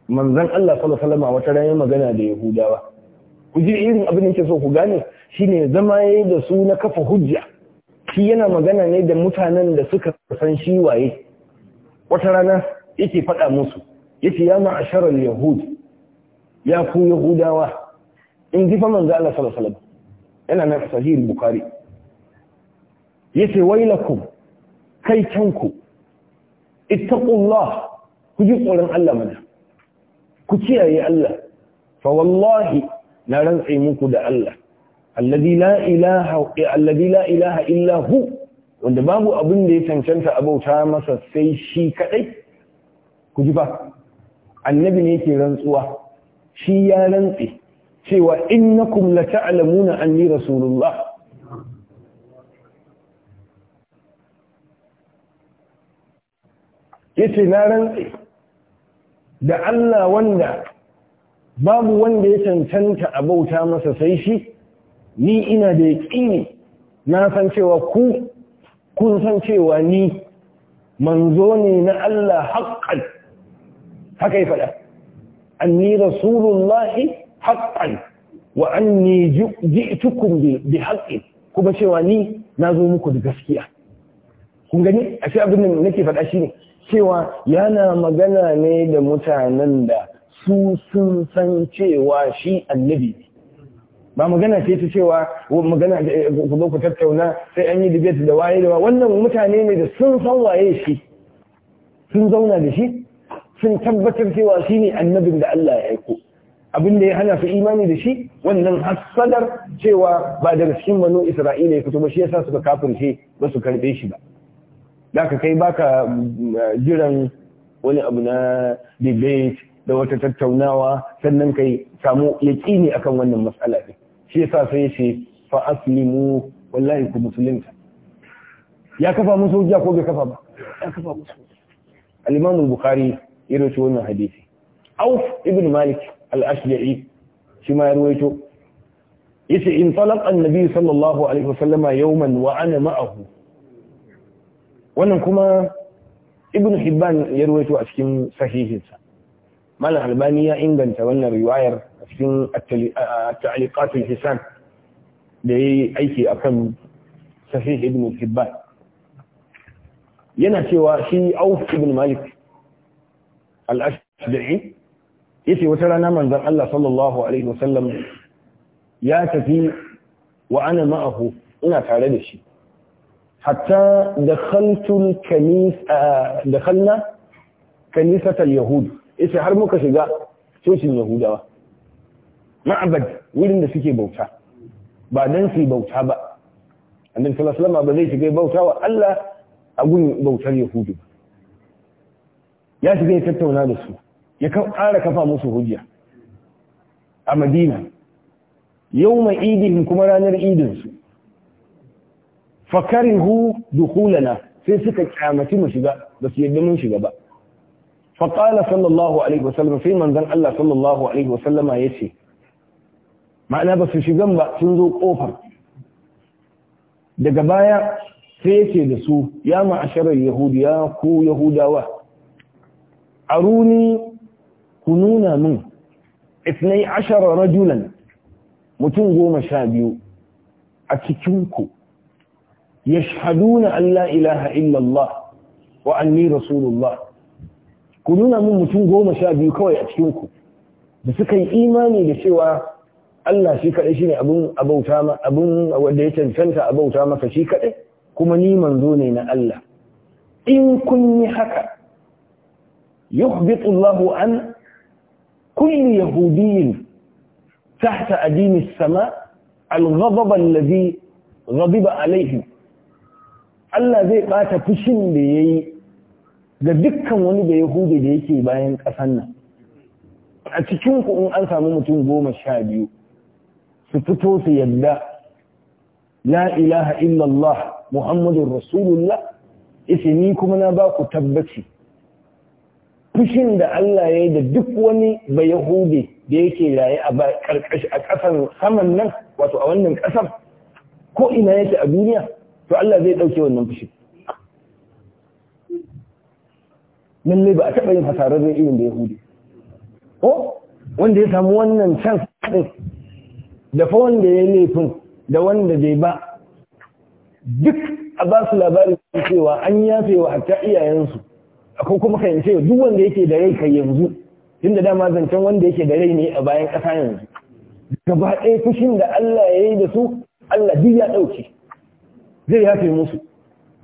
manzan Allah sallallahu alaihi wasallama wata ran magana da yahudawa ku ji irin abin da yake so ku gane shine zama yayi da su na kafa hujja shi yana magana ne da mutanen da suka san shi waye wata rana yake faɗa musu yace ya ma'asharal yahud ya ku yahudawa in ji manzo Allah sallallahu yana nan sahih bukhari yace wailakum kai kanku ittaqullah ku ji tsoron Allah mana ku kiyaye Allah fa wallahi na rantse muku da Allah alladhi la ilaha alladhi la ilaha illa hu wanda babu abin da ya cancanta abauta masa sai shi kadai ku ji ba annabi ne yake rantsuwa shi ya rantse cewa innakum la ta'lamuna anni rasulullah yace na rantse da Allah wanda babu wanda ya cancanta a bauta masa sai shi ni ina da yaƙini na san cewa ku kun san cewa ni manzo ne na Allah haƙƙan haka ya faɗa anni rasulullahi haqqan wa anni ji'tukum bi kuma cewa ni na zo muku da gaskiya kun gani a shi abin da nake faɗa shine cewa yana magana ne da mutanen da su sun san cewa shi annabi ne ba magana ce ta cewa magana eh, ku zo ku tattauna sai an yi debate da waye da wannan mutane ne da sun san waye shi sun zauna da shi sun tabbatar cewa shi ne annabin da Allah ya aiko abin da ya hana su imani da shi wannan hassadar cewa ba daga cikin banu isra'ila ya fito ba shi yasa suka kafirce ba su karɓe shi ba da ka kai baka mm, ah, jiran wani abu na debate da wata tattaunawa sannan kai samu yaƙini akan wannan matsala ne. shi yasa sai ce fa aslimu wallahi ku musulunta ya kafa musu hujja ko bai kafa ba ya kafa musu al-imam al-bukhari ya wannan hadisi auf ibn malik al-ashja'i shi ma ya yace in talaqa annabi sallallahu alaihi wasallama yawman wa ana ma'ahu wannan kuma ibn hibban ya rawaito a cikin sahihinsa malam albani ya inganta wannan riwayar a cikin at-ta'liqat al-hisan da yayi aiki akan sahih ibn hibban yana cewa shi auf ibn malik al ya yace wata rana manzon Allah sallallahu alaihi wasallam ya tafi wa ana ma'ahu ina tare da shi hatta da al-kanisa Yahudu. kanisat al yace har muka shiga cocin yahudawa ma'abad wurin da suke bauta ba dan su bauta ba annabi sallallahu alaihi wasallam ba zai shiga bauta wa Allah a gun bautar yahudu ba ya shiga ya tattauna da su ya ƙara kafa musu hujja a madina yau mai idin kuma ranar idinsu fakarihu dukulana sai suka kyamati mu shiga ba su yadda mun shiga ba faƙala sallallahu alaihi wasallam sai manzan Allah sallallahu alaihi wasallama ya ce ma'ana ba su shigan ba sun zo ƙofar daga baya sai ya ce da su ya ma'asharar yahudiya ko yahudawa aruni ku nuna min isnai ashara rajulan mutum goma sha biyu a cikinku Ya an Allah ilaha illallah wa anni rasulullah ku nuna min mutum goma sha biyu kawai a cikinku da suka yi imani da cewa Allah shi kaɗai shi ne abin wanda ya cancanta a bauta maka shi kaɗai kuma ni manzo ne na Allah in kun yi haka يخبط الله عن كل يهودي تحت أدين السماء الغضب الذي غضب عليهم ألا ذي قاتل فشل بيه ذا ذكا وني بيهودي ديكي باين قفنا أتشنك أن أنسى ممتون قوم الشادي ستتوس يدى لا إله إلا الله محمد رسول الله إثنيكم نباك تبتي fushin da Allah ya yi da duk wani ba Yahudi da yake raye a a ƙasar saman nan wato a wannan ƙasar ko ina yake a duniya to Allah zai ɗauke wannan fushin. Lallai ba a taɓa yin fasararren irin da Yahudi. Ko wanda ya samu wannan can ɗin da fa wanda ya laifin da wanda bai ba duk a ba su labarin cewa an yafe wa hatta iyayensu Akwai kuma kan ce duk wanda yake da rai kai yanzu da dama zancen wanda yake da rai ne a bayan ƙasa yanzu gaba ɗaya fushin da Allah ya yi da su Allah duk ya ɗauke zai yafe musu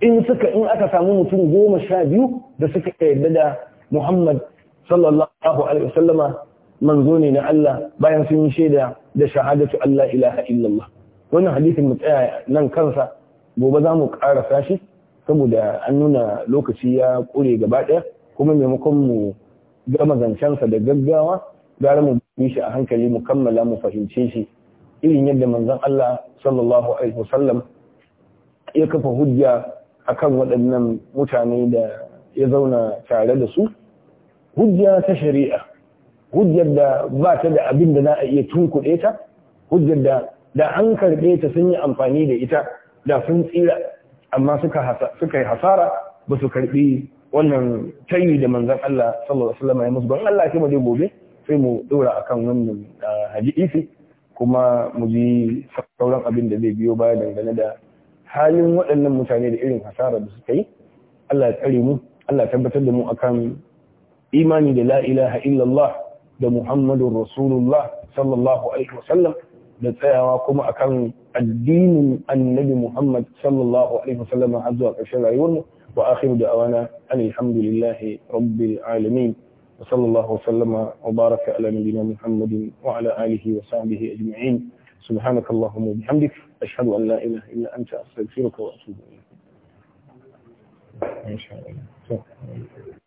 in suka in aka samu mutum goma sha biyu da suka yarda da Muhammad sallallahu alaihi wasallama manzo ne na Allah bayan sun yi shaida da shahadatu Allah ilaha illallah wannan hadisin mu tsaya nan kansa gobe za mu ƙara sashi. saboda an nuna lokaci ya ƙure gaba ɗaya kuma maimakon mu gama zancensa da gaggawa gara mu bi shi a hankali mu kammala mu fahimce shi irin yadda manzon Allah sallallahu alaihi wasallam ya kafa hujja akan waɗannan mutane da ya zauna tare da su hujja ta shari'a hujjar da ba ta da abin da na a iya tunkuɗe ta hujjar da da an karɓe ta sun yi amfani da ita da sun tsira amma suka yi hasara ba su karbi wannan tayi da manzan Allah sallallahu alaihi wasallam ya musu ban Allah ya mu gobe sai mu dora akan wannan hadisi kuma mu ji sauran abin da zai biyo baya dangane da halin waɗannan mutane da irin hasara da suka yi Allah ya tsare mu Allah ya tabbatar da mu akan imani da la ilaha illallah da Muhammadun Rasulullah sallallahu alaihi wasallam da tsayawa kuma akan addinin annabi Muhammad sallallahu alaihi wasallam har zuwa ƙarshen mu wa akhiru da'awana alhamdulillahi rabbil alamin wa sallallahu wasallam wa baraka ala nabiyina Muhammad wa ala alihi wa sahbihi ajma'in سبحانك اللهم وبحمدك أشهد أن لا إله إلا أنت أستغفرك وأتوب إليك إن شاء الله